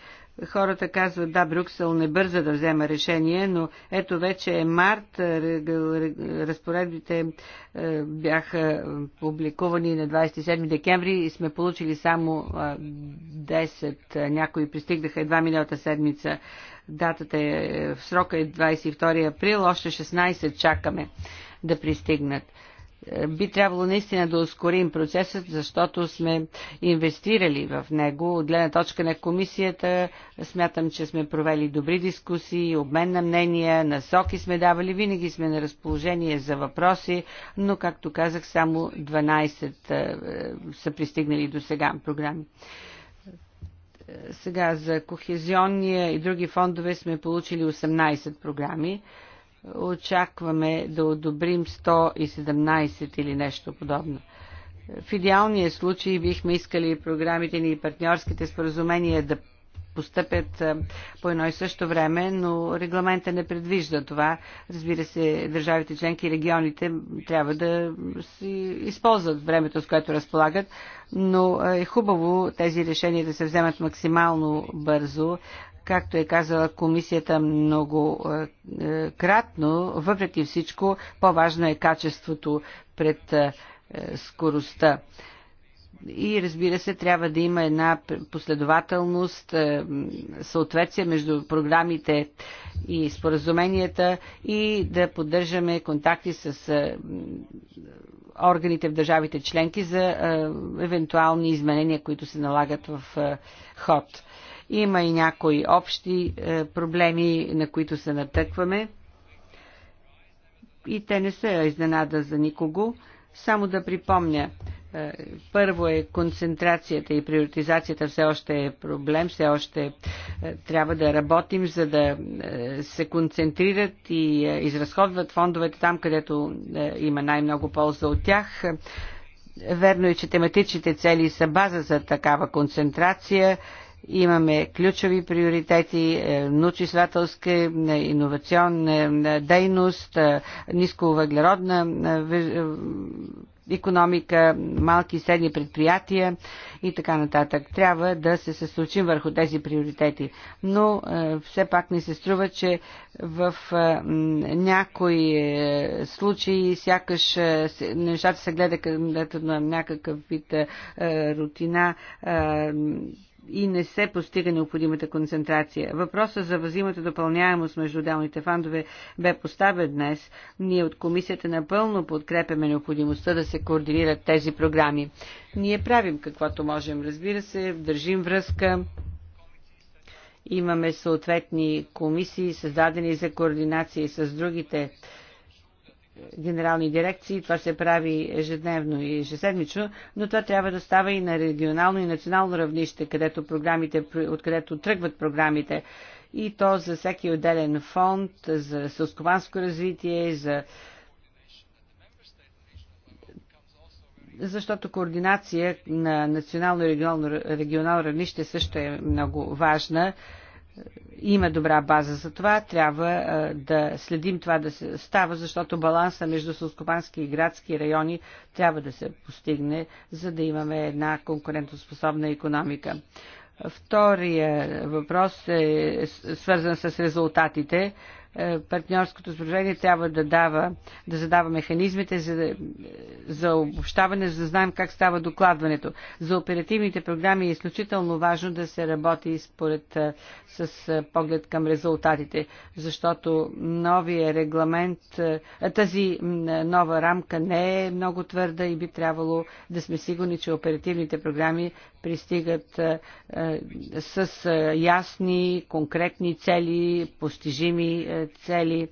Speaker 2: Хората казват, да, Брюксел не бърза да взема решение, но ето вече е март, разпоредбите е, бяха публикувани на 27 декември и сме получили само 10, някои пристигнаха едва миналата седмица. Датата е, в срока е 22 април, още 16 чакаме да пристигнат би трябвало наистина да ускорим процесът, защото сме инвестирали в него. От гледна точка на комисията смятам, че сме провели добри дискусии, обмен на мнения, насоки сме давали, винаги сме на разположение за въпроси, но както казах, само 12 е, са пристигнали до сега програми. Сега за кохезионния и други фондове сме получили 18 програми очакваме да одобрим 117 или нещо подобно. В идеалния случай бихме искали програмите ни и партньорските споразумения да постъпят по едно и също време, но регламента не предвижда това. Разбира се, държавите членки и регионите трябва да си използват времето, с което разполагат, но е хубаво тези решения да се вземат максимално бързо, Както е казала комисията много е, е, кратно, въпреки всичко, по-важно е качеството пред е, скоростта. И разбира се, трябва да има една последователност, съответствие между програмите и споразуменията и да поддържаме контакти с органите в държавите членки за евентуални изменения, които се налагат в ход. Има и някои общи е, проблеми, на които се натъкваме. И те не са изненада за никого. Само да припомня, е, първо е концентрацията и приоритизацията все още е проблем, все още е, трябва да работим, за да се концентрират и изразходват фондовете там, където има най-много полза от тях. Верно е, че тематичните цели са база за такава концентрация Имаме ключови приоритети, е, научно-изследователска, е, иновационна е, дейност, нисковъглеродна економика, малки и средни предприятия и така нататък. Трябва да се съсочим върху тези приоритети. Но все пак ми се струва, че в някои случаи сякаш нещата се гледа като на някакъв вид рутина и не се постига необходимата концентрация. Въпроса за възимата допълняемост между отделните фандове бе поставен днес. Ние от комисията напълно подкрепяме необходимостта да се координират тези програми. Ние правим каквото можем, разбира се, държим връзка. Имаме съответни комисии, създадени за координация с другите генерални дирекции. Това се прави ежедневно и ежеседмично, но това трябва да става и на регионално и национално равнище, където програмите, откъдето тръгват програмите. И то за всеки отделен фонд, за селскованско развитие, за защото координация на национално и регионално, регионално равнище също е много важна има добра база за това. Трябва да следим това да се става, защото баланса между сълскопански и градски райони трябва да се постигне, за да имаме една конкурентоспособна економика. Втория въпрос е свързан с резултатите партньорското сдружение трябва да дава, да задава механизмите за, за обобщаване, за да знаем как става докладването. За оперативните програми е изключително важно да се работи според, с поглед към резултатите, защото новия регламент, тази нова рамка не е много твърда и би трябвало да сме сигурни, че оперативните програми пристигат с ясни, конкретни цели, постижими цели.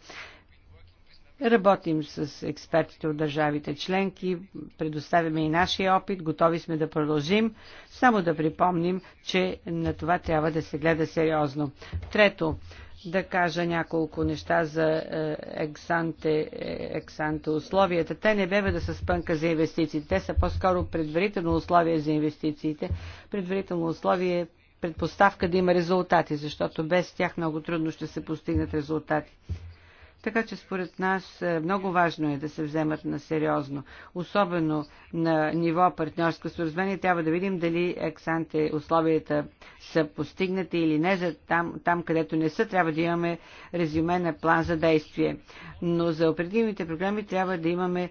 Speaker 2: Работим с експертите от държавите членки, предоставяме и нашия опит, готови сме да продължим, само да припомним, че на това трябва да се гледа сериозно. Трето, да кажа няколко неща за е, ексанте, е, ексанте условията. Те не бебе да са спънка за инвестициите, те са по-скоро предварително условие за инвестициите, предварително условие е предпоставка да има резултати, защото без тях много трудно ще се постигнат резултати. Така че според нас е, много важно е да се вземат на сериозно. Особено на ниво партньорско споразумение трябва да видим дали ексанте условията са постигнати или не. За там, там, където не са, трябва да имаме резюме на план за действие. Но за оперативните програми трябва да имаме е,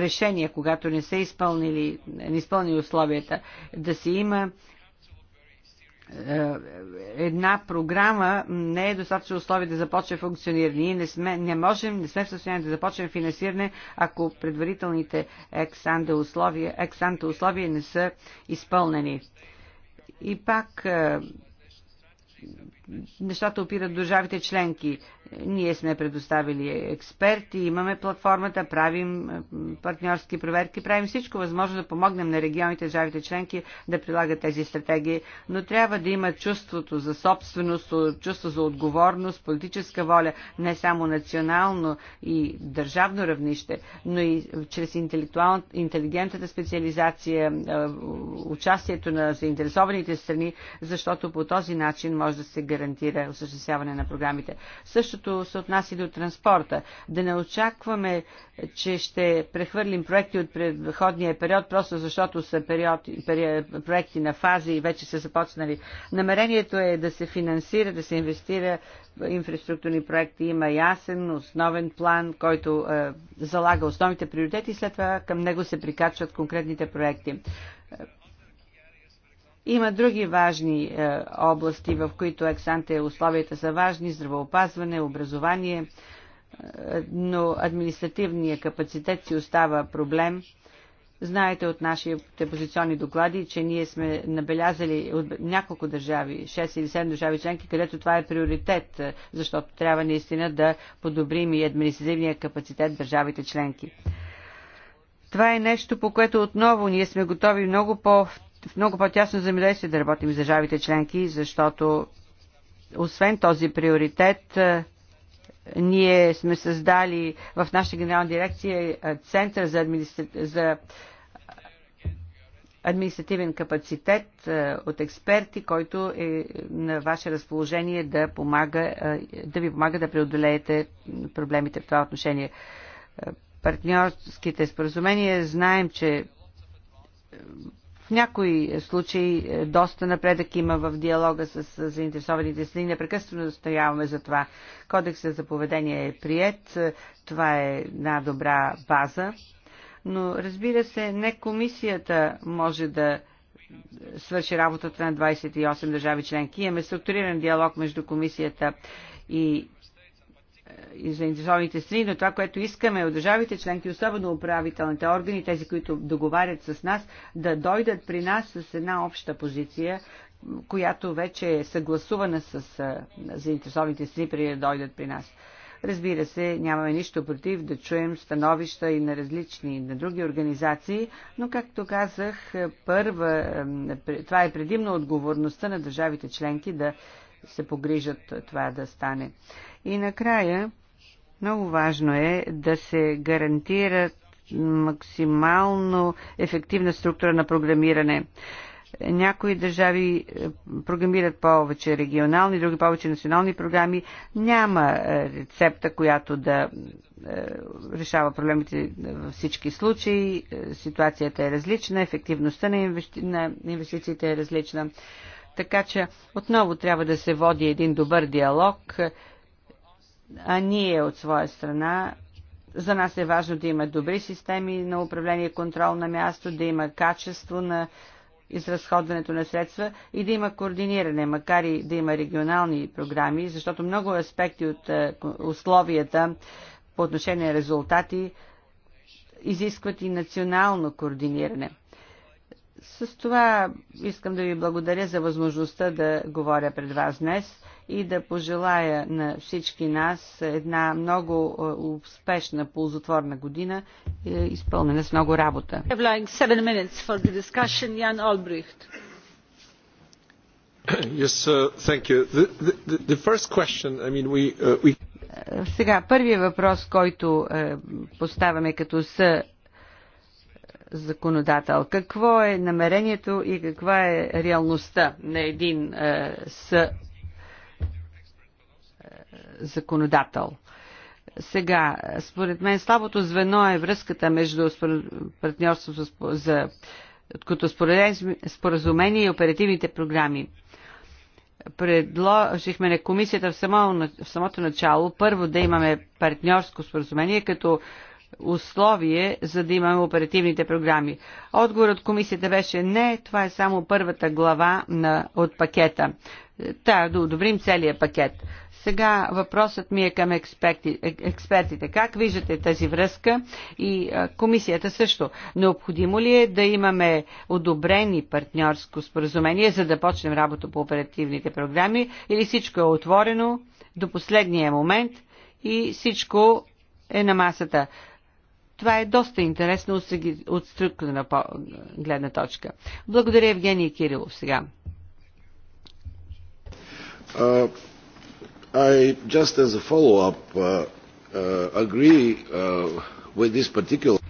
Speaker 2: решение, когато не са изпълнили, не изпълнили условията, да се има е, една програма не е достатъчно условие да започне функциониране. Ние не, сме, не можем, не сме в състояние да започнем финансиране, ако предварителните ексанте условия, ексанте условия не са изпълнени. И пак е, нещата опират до държавите членки. Ние сме предоставили експерти, имаме платформата, правим е, партньорски проверки, правим всичко възможно да помогнем на регионите, държавите членки да прилагат тези стратегии, но трябва да има чувството за собственост, чувство за отговорност, политическа воля, не само национално и държавно равнище, но и чрез интелигентната специализация, е, участието на заинтересованите страни, защото по този начин може да се гарантира гарантира осъществяване на програмите. Същото се отнася и до транспорта. Да не очакваме, че ще прехвърлим проекти от предходния период, просто защото са период, период, проекти на фази и вече са започнали. Намерението е да се финансира, да се инвестира в инфраструктурни проекти. Има ясен основен план, който е, залага основните приоритети и след това към него се прикачват конкретните проекти има други важни е, области, в които ексанте условията са важни здравеопазване, образование, е, но административния капацитет си остава проблем. Знаете от нашите позиционни доклади, че ние сме набелязали от няколко държави, 6 или 7 държави членки, където това е приоритет, е, защото трябва наистина да подобрим и административния капацитет държавите членки. Това е нещо, по което отново ние сме готови много по в много по-тясно взаимодействие да работим с държавите членки, защото освен този приоритет, е, ние сме създали в нашата генерална дирекция е, Център за, администра... за е, административен капацитет от експерти, който е на ваше разположение да, помага, да ви помага да преодолеете проблемите в това отношение. Партньорските споразумения знаем, че в някои случаи е, доста напредък има в диалога с заинтересованите страни. Непрекъснато настояваме за това. Кодексът за поведение е прият. Това е една добра база. Но разбира се, не комисията може да свърши работата на 28 държави членки. Имаме структуриран диалог между комисията и и заинтересованите страни, но това, което искаме от държавите членки, особено управителните органи, тези, които договарят с нас, да дойдат при нас с една обща позиция, която вече е съгласувана с заинтересованите страни, преди да дойдат при нас. Разбира се, нямаме нищо против да чуем становища и на различни, и на други организации, но както казах, първа, това е предимно отговорността на държавите членки да се погрижат това да стане. И накрая, много важно е да се гарантират максимално ефективна структура на програмиране. Някои държави е, програмират повече регионални, други повече национални програми. Няма е, рецепта, която да е, решава проблемите във всички случаи. Ситуацията е различна, ефективността на, на инвестициите е различна. Така че отново трябва да се води един добър диалог, а ние от своя страна за нас е важно да има добри системи на управление и контрол на място, да има качество на изразходването на средства и да има координиране, макар и да има регионални програми, защото много аспекти от е, условията по отношение на резултати изискват и национално координиране. С това искам да ви благодаря за възможността да говоря пред вас днес и да пожелая на всички нас една много е, успешна, ползотворна година, е,
Speaker 1: изпълнена с много работа.
Speaker 2: Сега, първият въпрос, който е, поставяме като са законодател. Какво е намерението и каква е реалността на един е, с е, законодател? Сега, според мен слабото звено е връзката между партньорството за като споразумение и оперативните програми. Предложихме на комисията в, само, в самото начало първо да имаме партньорско споразумение, като условие, за да имаме оперативните програми. Отговор от комисията беше не, това е само първата глава на, от пакета. Та, да одобрим целият пакет. Сега въпросът ми е към експерти, е, експертите. Как виждате тази връзка и е, комисията също? Необходимо ли е да имаме одобрени партньорско споразумение, за да почнем работа по оперативните програми или всичко е отворено до последния момент и всичко е на масата. Това е доста интересно от структурна гледна точка. Благодаря Евгения Кирилов сега.
Speaker 3: Uh, I, just as a follow-up, uh, uh, agree uh, with this particular...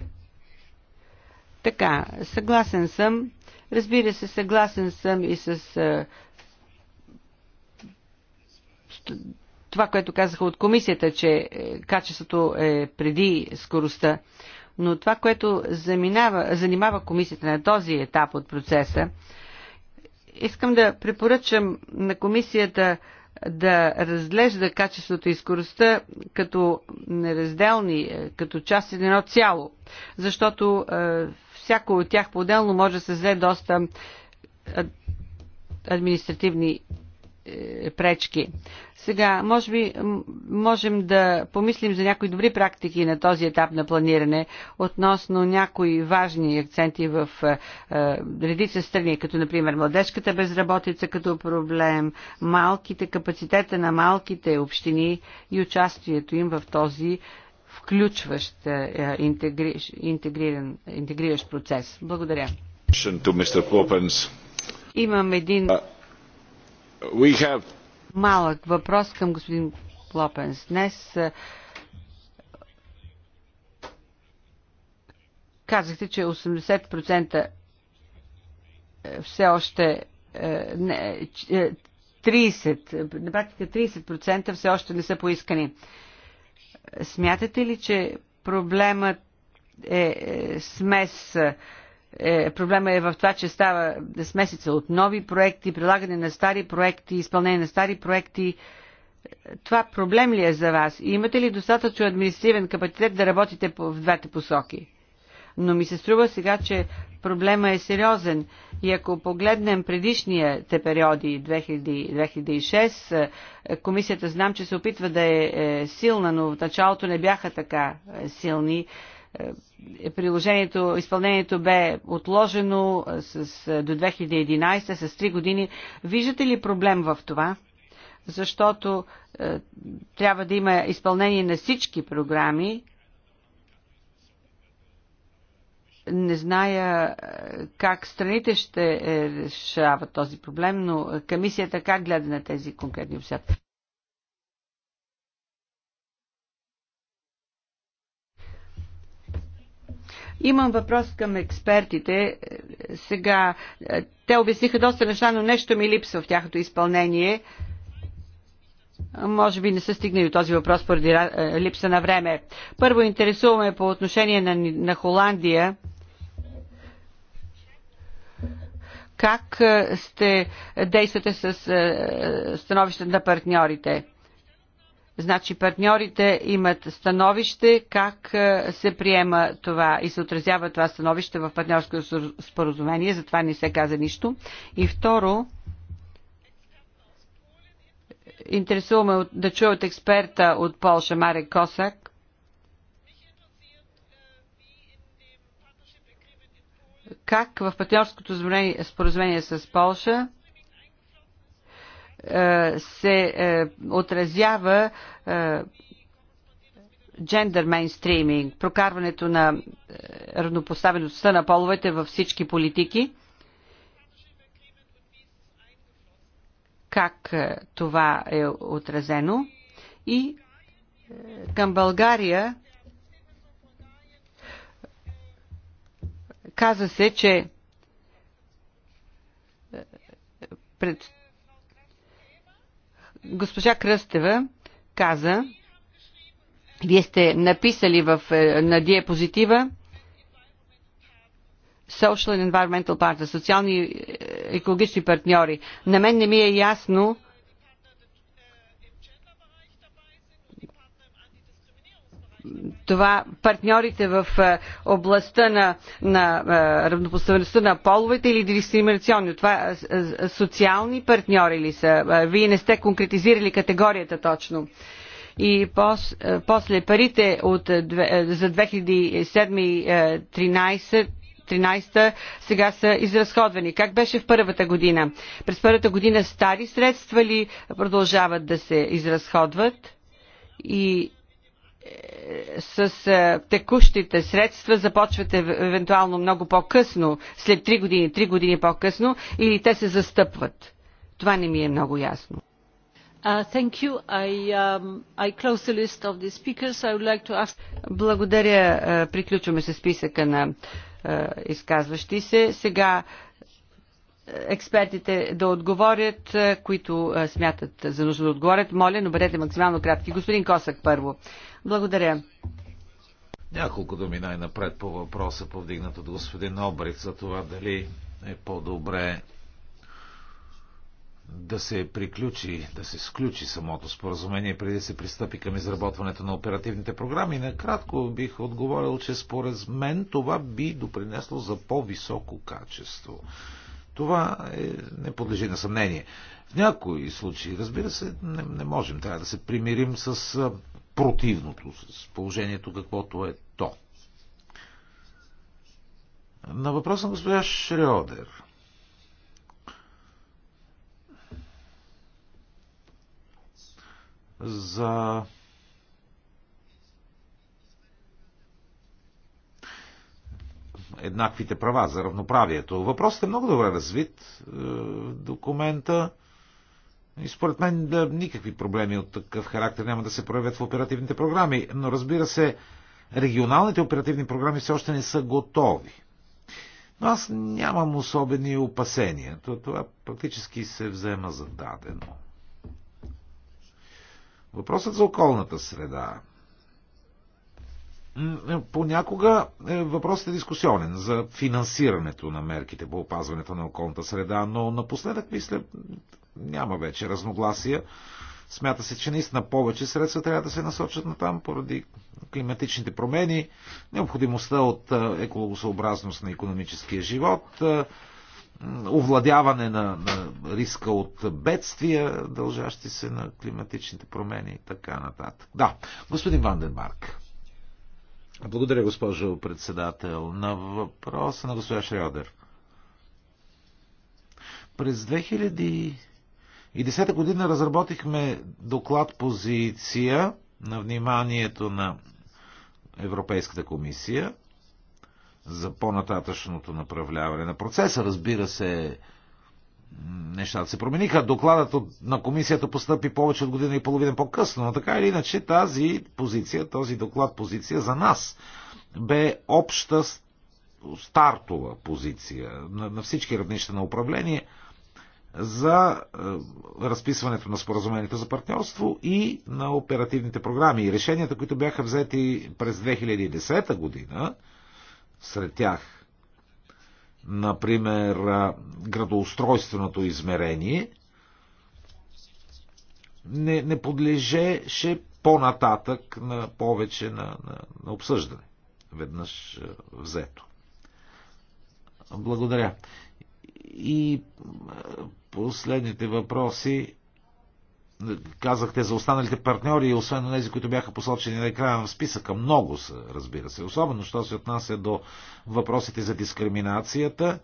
Speaker 2: Така, съгласен съм. Разбира се, съгласен съм и с uh, това, което казаха от комисията, че е, качеството е преди скоростта, но това, което заминава, занимава комисията на този етап от процеса, искам да препоръчам на комисията да разглежда качеството и скоростта като неразделни, е, като част от едно цяло, защото е, всяко от тях по-отделно може да се взе доста е, административни е, пречки. Сега, може би, можем да помислим за някои добри практики на този етап на планиране относно някои важни акценти в е, е, редица страни, като например младежката безработица като проблем, малките, капацитета на малките общини и участието им в този включващ, е, е интегри, интегриран, интегриращ процес. Благодаря. Имам един Малък въпрос към господин Лопенс. Днес казахте, че 80% е, все още е, не, 30, е, на практика 30% все още не са поискани. Смятате ли, че проблемът е смес е, проблема е в това, че става смесица от нови проекти, прилагане на стари проекти, изпълнение на стари проекти. Това проблем ли е за вас? И имате ли достатъчно административен капацитет да работите в двете посоки? Но ми се струва сега, че проблема е сериозен. И ако погледнем предишните периоди 2000-2006, е, комисията знам, че се опитва да е, е силна, но в началото не бяха така е, силни. Е, е, приложението, изпълнението бе отложено с, до 2011, с 3 години. Виждате ли проблем в това? Защото е, трябва да има изпълнение на всички програми. Не зная как страните ще е, решават този проблем, но комисията как гледа на тези конкретни обстоятелства? Имам въпрос към експертите. Сега, е, те обясниха доста неща, но нещо ми липсва в тяхното изпълнение. Може би не са стигнали до този въпрос поради е, липса на време. Първо интересуваме по отношение на, на Холандия. Как е, сте действате с становище на партньорите? Значи партньорите имат становище как е, се приема това и се отразява това становище в партньорско споразумение, затова не се каза нищо. И второ, интересуваме да чуя от експерта от Полша Марек Косак, как в партньорското споразумение с Полша е, се е, отразява е, джендър мейнстриминг, прокарването на равнопоставеността на половете във всички политики. Как това е отразено? И към България каза се, че пред Госпожа Кръстева каза, вие сте написали в, е, на диапозитива Social and Environmental Partners, социални е, екологични партньори. На мен не ми е ясно това партньорите в е, областта на, на е, равнопоставеността на половете или дискриминационни. Това е, социални партньори ли са? Вие не сте конкретизирали категорията точно и пос, после парите от, за 2007-2013 13 сега са изразходвани. Как беше в първата година? През първата година стари средства ли продължават да се изразходват? И с е, текущите средства започвате евентуално много по-късно, след 3 години, 3 години по-късно, или те се застъпват. Това не ми е много ясно.
Speaker 1: Uh, um,
Speaker 2: Благодаря. Е, приключваме с списъка на е, изказващи се. Сега експертите да отговорят, които смятат за нужда да отговорят. Моля, но бъдете максимално кратки. Господин Косък първо. Благодаря.
Speaker 3: Няколко думи най-напред по въпроса, повдигнат от господин Обрих, за това дали е по-добре да се приключи, да се сключи самото споразумение, преди да се пристъпи към изработването на оперативните програми. Накратко бих отговорил, че според мен това би допринесло за по-високо качество. Това е, не подлежи на съмнение. В някои случаи, разбира се, не, не можем. Трябва да се примирим с противното с положението каквото е то. На въпрос на госпожа Шреодер. За еднаквите права, за равноправието. Въпросът е много добре развит е, документа. И според мен да, никакви проблеми от такъв характер няма да се проявят в оперативните програми. Но разбира се, регионалните оперативни програми все още не са готови. Но аз нямам особени опасения. Това практически се взема за дадено. Въпросът за околната среда. Е, понякога е, въпросът е дискусионен за финансирането на мерките по опазването на околната среда, но напоследък мисля, няма вече разногласия. Смята се, че наистина повече средства трябва да се насочат на там поради климатичните промени, необходимостта от екологосъобразност на економическия живот, овладяване на, на риска от бедствия, дължащи се на климатичните промени и така нататък. Да, господин Ванденмарк. Благодаря, госпожо председател. На въпроса на госпожа Шрёдер. През 2000 и десета година разработихме доклад позиция на вниманието на Европейската комисия за по-нататъчното направляване на процеса. Разбира се, нещата се промениха. Докладът на комисията постъпи повече от година и половина по-късно, но така или иначе тази позиция, този доклад позиция за нас бе обща стартова позиция на, на всички равнища на управление – за е, разписването на споразумението за партньорство и на оперативните програми. И решенията, които бяха взети през 2010 година, сред тях, например, е, градоустройственото измерение, не, не подлежеше по-нататък на повече на, на, на обсъждане, веднъж е, взето. Благодаря. И последните въпроси казахте за останалите партньори, освен на тези, които бяха посочени на екрана в списъка. Много са, разбира се. Особено, що се отнася до въпросите за дискриминацията.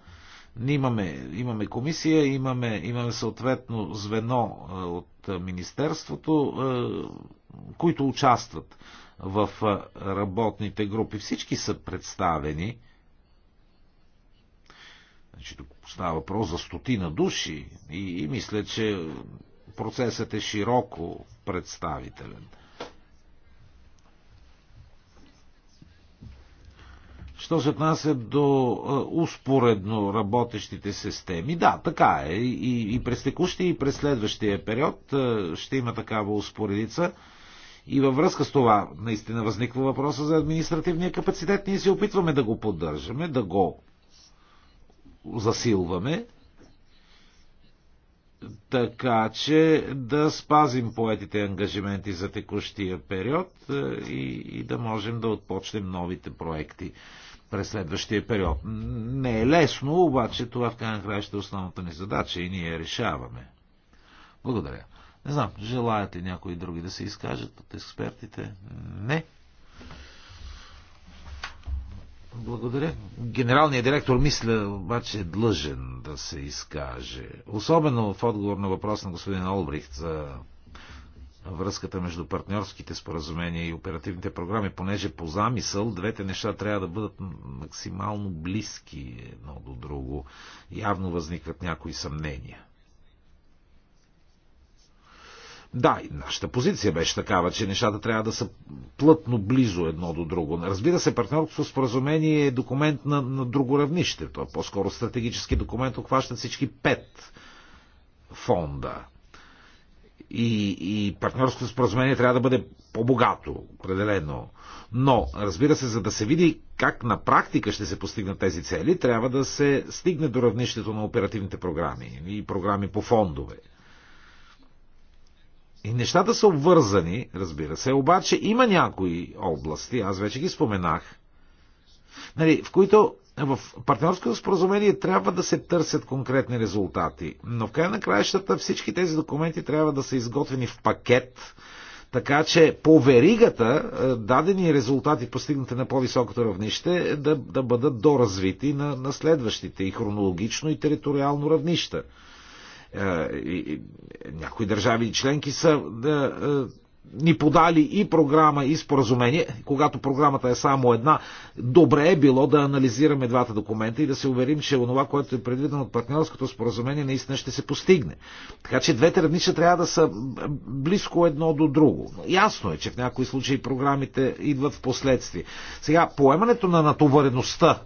Speaker 3: Ние имаме, имаме комисия, имаме, имаме съответно звено от Министерството, които участват в работните групи. Всички са представени Значи, става въпрос за стотина души и, и мисля, че процесът е широко представителен. Що се отнася до а, успоредно работещите системи, да, така е. И, и през текущия, и през следващия период а, ще има такава успоредица. И във връзка с това наистина възниква въпроса за административния капацитет. Ние се опитваме да го поддържаме, да го засилваме, така че да спазим поетите ангажименти за текущия период е, и, и да можем да отпочнем новите проекти през следващия период. Не е лесно, обаче това в крайна ще е основната ни задача и ние я решаваме. Благодаря. Не знам, желаят ли някои други да се изкажат от експертите? Не. Благодаря. Генералният директор, мисля, обаче е длъжен да се изкаже. Особено в отговор на въпрос на господин Олбрихт за връзката между партньорските споразумения и оперативните програми, понеже по замисъл двете неща трябва да бъдат максимално близки едно до друго. Явно възникват някои съмнения. Да, и нашата позиция беше такава, че нещата трябва да са плътно близо едно до друго. Разбира се, партньорство споразумение е документ на, на друго равнище. Той е по-скоро стратегически документ, обхваща всички пет фонда. И, и партньорското споразумение трябва да бъде по-богато, определено. Но, разбира се, за да се види как на практика ще се постигнат тези цели, трябва да се стигне до равнището на оперативните програми и програми по фондове и нещата са обвързани, разбира се, обаче има някои области, аз вече ги споменах, нали, в които в партньорското споразумение трябва да се търсят конкретни резултати. Но в край на краищата всички тези документи трябва да са изготвени в пакет, така че по веригата е, дадени резултати, постигнати на по-високото равнище, да, да бъдат доразвити на, на следващите и хронологично и териториално равнища. Е, някои държави и членки са да, е, е, ни подали и програма, и споразумение. Когато програмата е само една, добре е било да анализираме двата документа и да се уверим, че онова, което е предвидено от партньорското споразумение, наистина ще се постигне. Така че двете равнища трябва да са близко едно до друго. Ясно е, че в някои случаи програмите идват в последствие. Сега, поемането на натовареността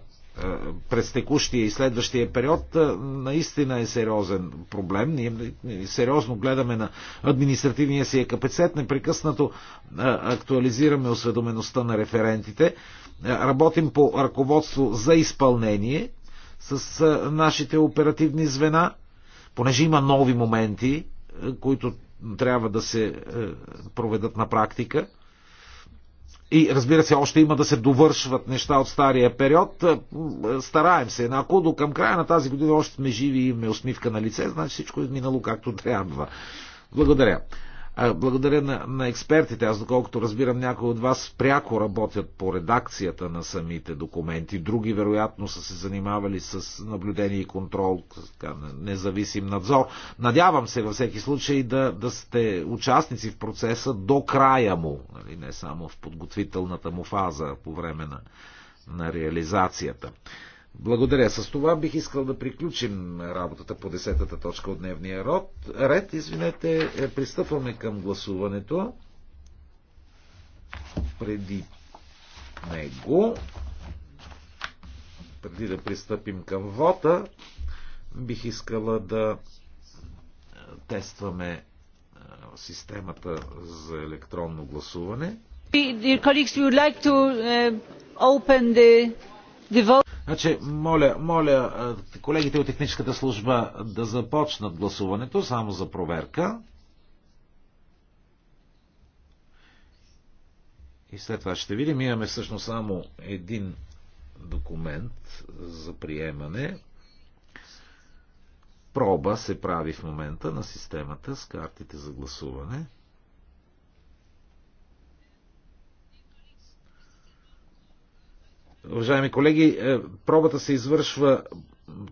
Speaker 3: през текущия и следващия период наистина е сериозен проблем. Ние сериозно гледаме на административния си капацитет, непрекъснато актуализираме осведомеността на референтите, работим по ръководство за изпълнение с нашите оперативни звена, понеже има нови моменти, които трябва да се проведат на практика – и разбира се, още има да се довършват неща от стария период. Е, стараем се. Ако до към края на тази година още сме живи и имаме усмивка на лице, значи всичко е минало както трябва. Благодаря. Благодаря на, на експертите. Аз, доколкото разбирам, някои от вас пряко работят по редакцията на самите документи. Други, вероятно, са се занимавали с наблюдение и контрол, с така, независим надзор. Надявам се, във всеки случай, да, да сте участници в процеса до края му, нали, не само в подготвителната му фаза по време на, на реализацията. Благодаря. С това бих искал да приключим работата по десетата точка от дневния род. ред. Извинете, е, пристъпваме към гласуването. Преди него, преди да пристъпим към вота, бих искала да е, тестваме е, системата за електронно гласуване.
Speaker 1: Dear colleagues, we would like to open the, the vote.
Speaker 3: Значи, моля, моля колегите от техническата служба да започнат гласуването само за проверка. И след това ще видим. Имаме всъщност само един документ за приемане. Проба се прави в момента на системата с картите за гласуване. Уважаеми колеги, е, пробата се извършва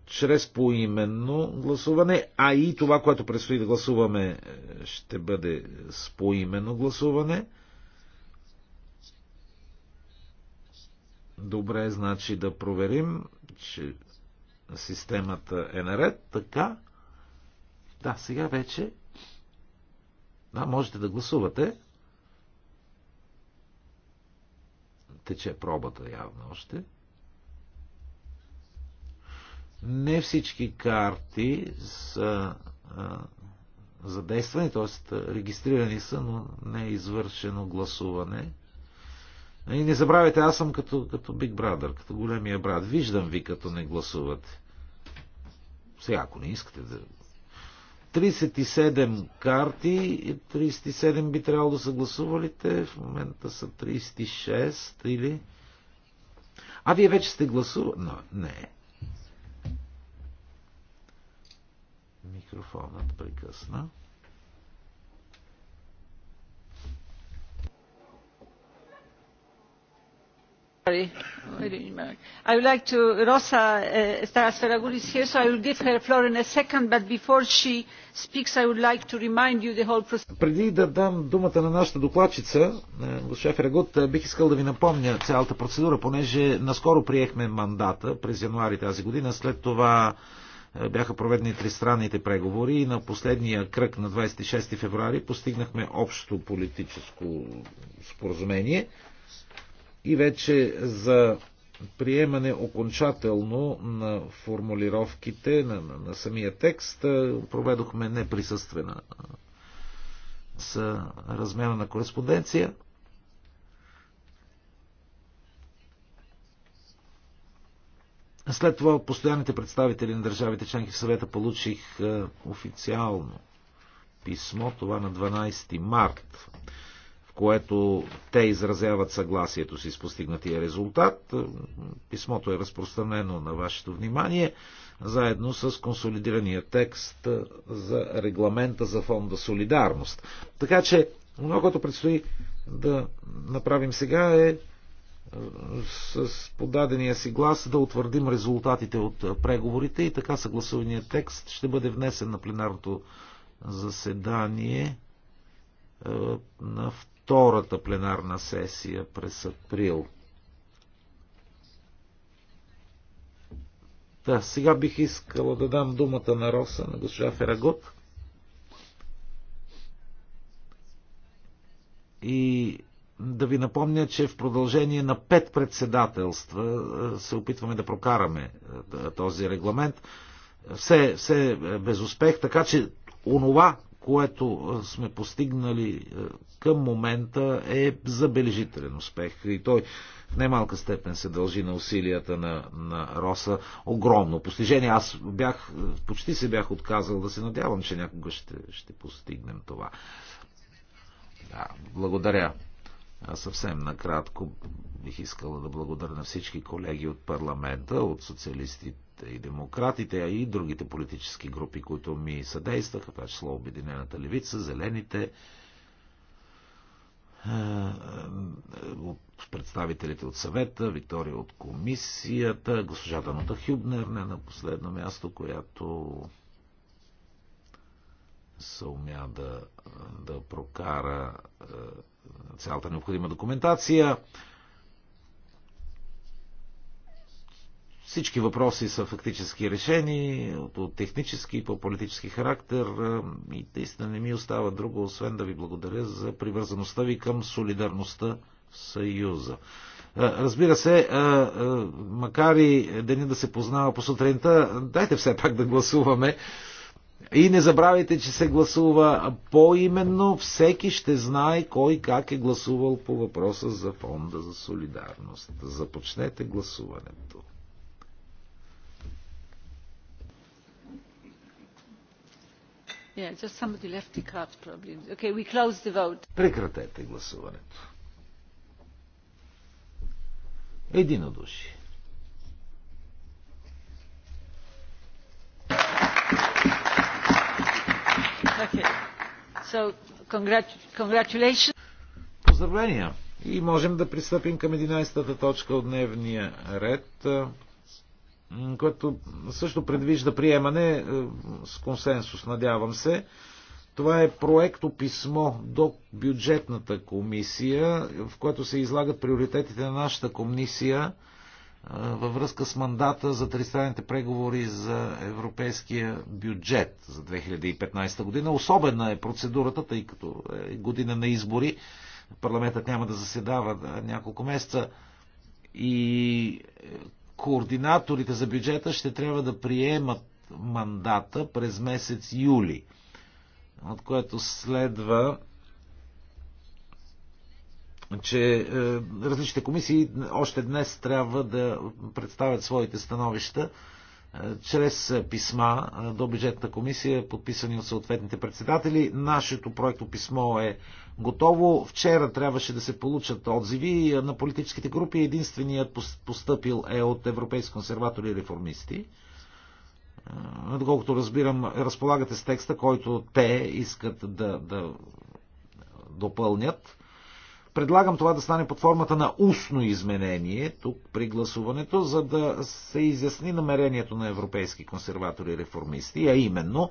Speaker 3: чрез поименно гласуване, а и това, което предстои да гласуваме, е, ще бъде с поименно гласуване. Добре, значи да проверим, че системата е наред. Така. Да, сега вече. Да, можете да гласувате. тече пробата явно още. Не всички карти са а, задействани, т.е. регистрирани са, но не е извършено гласуване. И не забравяйте, аз съм като, като Big Brother, като големия брат. Виждам ви, като не гласувате. Сега, ако не искате да 37 карти, 37 би трябвало да са гласувалите, в момента са 36 или... А вие вече сте гласували? Но, не. Микрофонът прекъсна.
Speaker 1: i would like to rosa estars eh, ferragut here so i will give her the floor in a second but before she speaks i would like to remind you the whole procedure.
Speaker 3: преди да дам думата на нашата докладчица е, госпожа Ферагут, е, бих искал да ви напомня цялата процедура понеже наскоро приехме мандата през януари тази година след това е, бяха проведени тристранните преговори и на последния кръг на 26 февруари постигнахме общо политическо споразумение и вече за приемане окончателно на формулировките на, на, на самия текст проведохме неприсъствена с размяна на кореспонденция. След това постоянните представители на държавите членки в съвета получих официално писмо, това на 12 март което те изразяват съгласието си с постигнатия резултат. Писмото е разпространено на вашето внимание, заедно с консолидирания текст за регламента за фонда Солидарност. Така че, много което предстои да направим сега е, е с подадения си глас да утвърдим резултатите от преговорите и така съгласувания текст ще бъде внесен на пленарното заседание е, на втората пленарна сесия през април. Да, сега бих искала да дам думата на Роса, на госпожа Ферагот. И да ви напомня, че в продължение на пет председателства е, се опитваме да прокараме е, този регламент. Все, все е без успех, така че онова, което сме постигнали към момента е забележителен успех. И той в немалка степен се дължи на усилията на, на Роса. Огромно постижение. Аз бях, почти се бях отказал да се надявам, че някога ще, ще постигнем това. Да, благодаря. Аз съвсем накратко бих искала да благодаря на всички колеги от парламента, от социалистите и демократите, а и другите политически групи, които ми съдействаха, това число Обединената левица, Зелените, е, е, от представителите от съвета, Виктория от комисията, госпожа Даната Хюбнер, не на последно място, която се умя да, да прокара е, цялата необходима документация. Всички въпроси са фактически решени, от технически и по политически характер и наистина не ми остава друго, освен да ви благодаря за привързаността ви към солидарността в Съюза. Разбира се, макар и деня да се познава по сутринта, дайте все пак да гласуваме. И не забравяйте, че се гласува по-именно. Всеки ще знае кой как е гласувал по въпроса за фонда за солидарност. Започнете гласуването. Прекратете гласуването. Единодушие. Okay. Поздравления! И можем да пристъпим към 11-та точка от дневния ред което също предвижда приемане е, с консенсус, надявам се. Това е проекто писмо до бюджетната комисия, в което се излагат приоритетите на нашата комисия е, във връзка с мандата за тристранните преговори за европейския бюджет за 2015 година. Особена е процедурата, тъй като е година на избори. Парламентът няма да заседава няколко месеца. И е, координаторите за бюджета ще трябва да приемат мандата през месец юли, от което следва че е, различните комисии още днес трябва да представят своите становища е, чрез писма е, до бюджетната комисия, подписани от съответните председатели. Нашето проекто писмо е готово. Вчера трябваше да се получат отзиви на политическите групи. Единственият постъпил е от европейски консерватори и реформисти. Доколкото разбирам, разполагате с текста, който те искат да, да допълнят. Предлагам това да стане под формата на устно изменение тук при гласуването, за да се изясни намерението на европейски консерватори и реформисти, а именно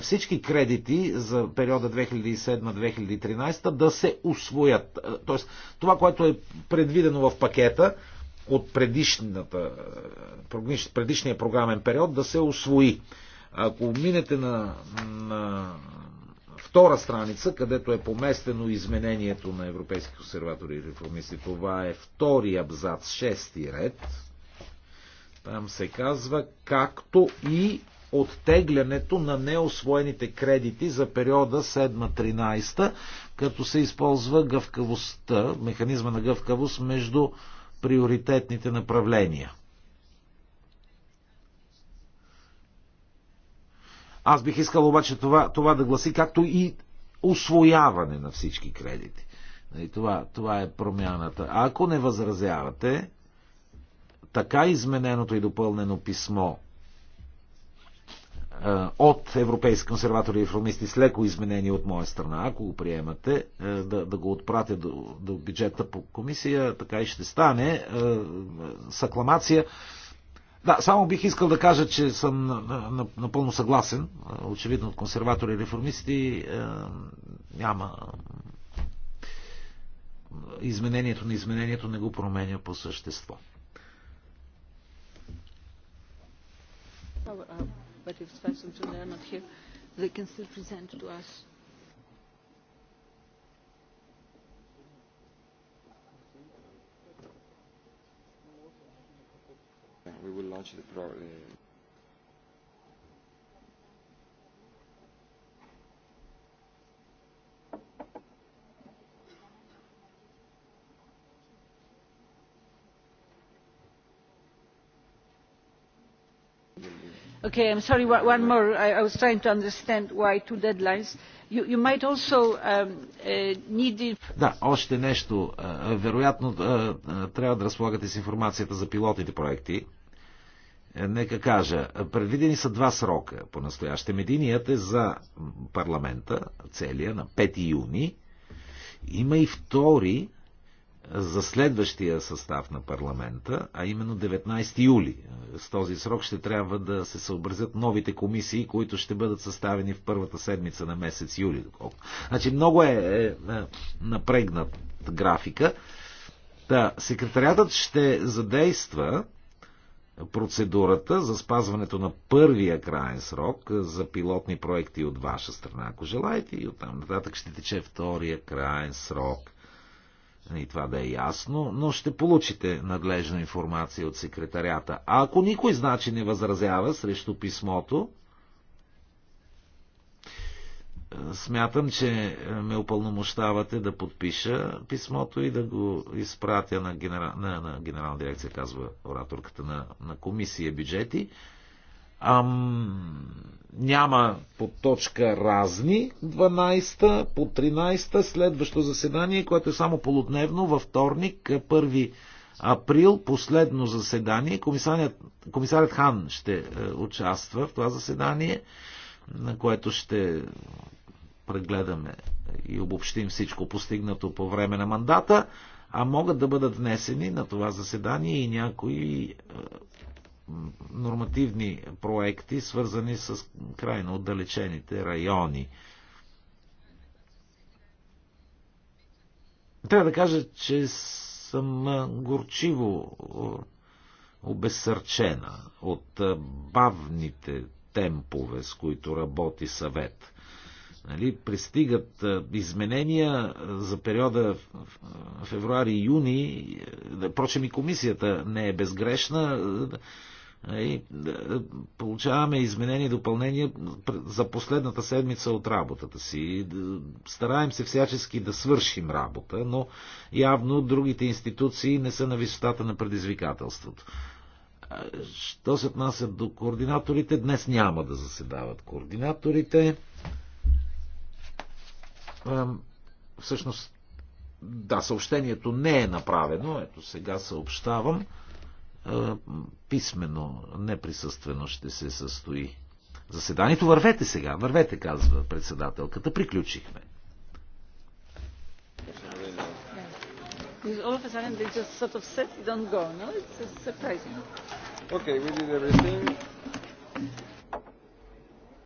Speaker 3: всички кредити за периода 2007-2013 да се освоят. Тоест, това, което е предвидено в пакета от предишния програмен период да се освои. Ако минете на, на втора страница, където е поместено изменението на Европейски консерватори и реформисти. Това е втори абзац, шести ред. Там се казва, както и оттеглянето на неосвоените кредити за периода 7-13, като се използва гъвкавостта, механизма на гъвкавост между приоритетните направления. Аз бих искал обаче това, това да гласи както и освояване на всички кредити. И нали, това, това е промяната. А ако не възразявате, така измененото и допълнено писмо е, от европейски консерватори и реформисти с леко изменение от моя страна, ако го приемате, е, да, да го отпратя до, до бюджета по комисия, така и ще стане е, с акламация. Да, само бих искал да кажа, че съм напълно съгласен. Очевидно от консерватори и реформисти няма. Изменението на изменението не го променя по
Speaker 1: същество. But uh, if
Speaker 4: program. We will launch the pro.
Speaker 1: Uh, okay I'm sorry one more i I was trying to understand why two deadlines. you you might also um, uh, need. If...
Speaker 3: Да, още нещо. Uh, Вероятно uh, трябва да разполагате с информацията за пилотните проекти. Нека кажа, предвидени са два срока по-настоящем. Единият е за парламента, целия, на 5 юни. Има и втори за следващия състав на парламента, а именно 19 юли. С този срок ще трябва да се съобразят новите комисии, които ще бъдат съставени в първата седмица на месец юли. Значи много е, е, е напрегнат графика. Та, да, секретарятът ще задейства процедурата за спазването на първия крайен срок за пилотни проекти от ваша страна, ако желаете, и оттам нататък ще тече втория крайен срок. И това да е ясно, но ще получите надлежна информация от секретарята. А ако никой значи не възразява срещу писмото, смятам, че ме опълномощавате да подпиша писмото и да го изпратя на, генера... на, на генерална дирекция, казва ораторката на, на комисия бюджети. Ам, няма по точка разни 12-та, по 13-та следващо заседание, което е само полудневно във вторник, 1 април, последно заседание. Комисарят, комисарят Хан ще е, участва в това заседание на което ще прегледаме и обобщим всичко постигнато по време на мандата, а могат да бъдат внесени на това заседание и някои е, нормативни проекти, свързани с крайно отдалечените райони. Трябва да кажа, че съм е, горчиво е, обесърчена от бавните темпове, с които работи съвет. Нали, пристигат изменения за периода февруари-юни. Е, впрочем и комисията не е безгрешна. Е, и получаваме изменения и допълнения за последната седмица от работата си. Стараем се всячески да свършим работа, но явно другите институции не са на висотата на предизвикателството. Що се отнася до координаторите, днес няма да заседават координаторите. Всъщност, да, съобщението не е направено. Ето сега съобщавам. Писмено, неприсъствено ще се състои. Заседанието вървете сега, вървете, казва председателката. Приключихме.
Speaker 1: Okay, we did everything.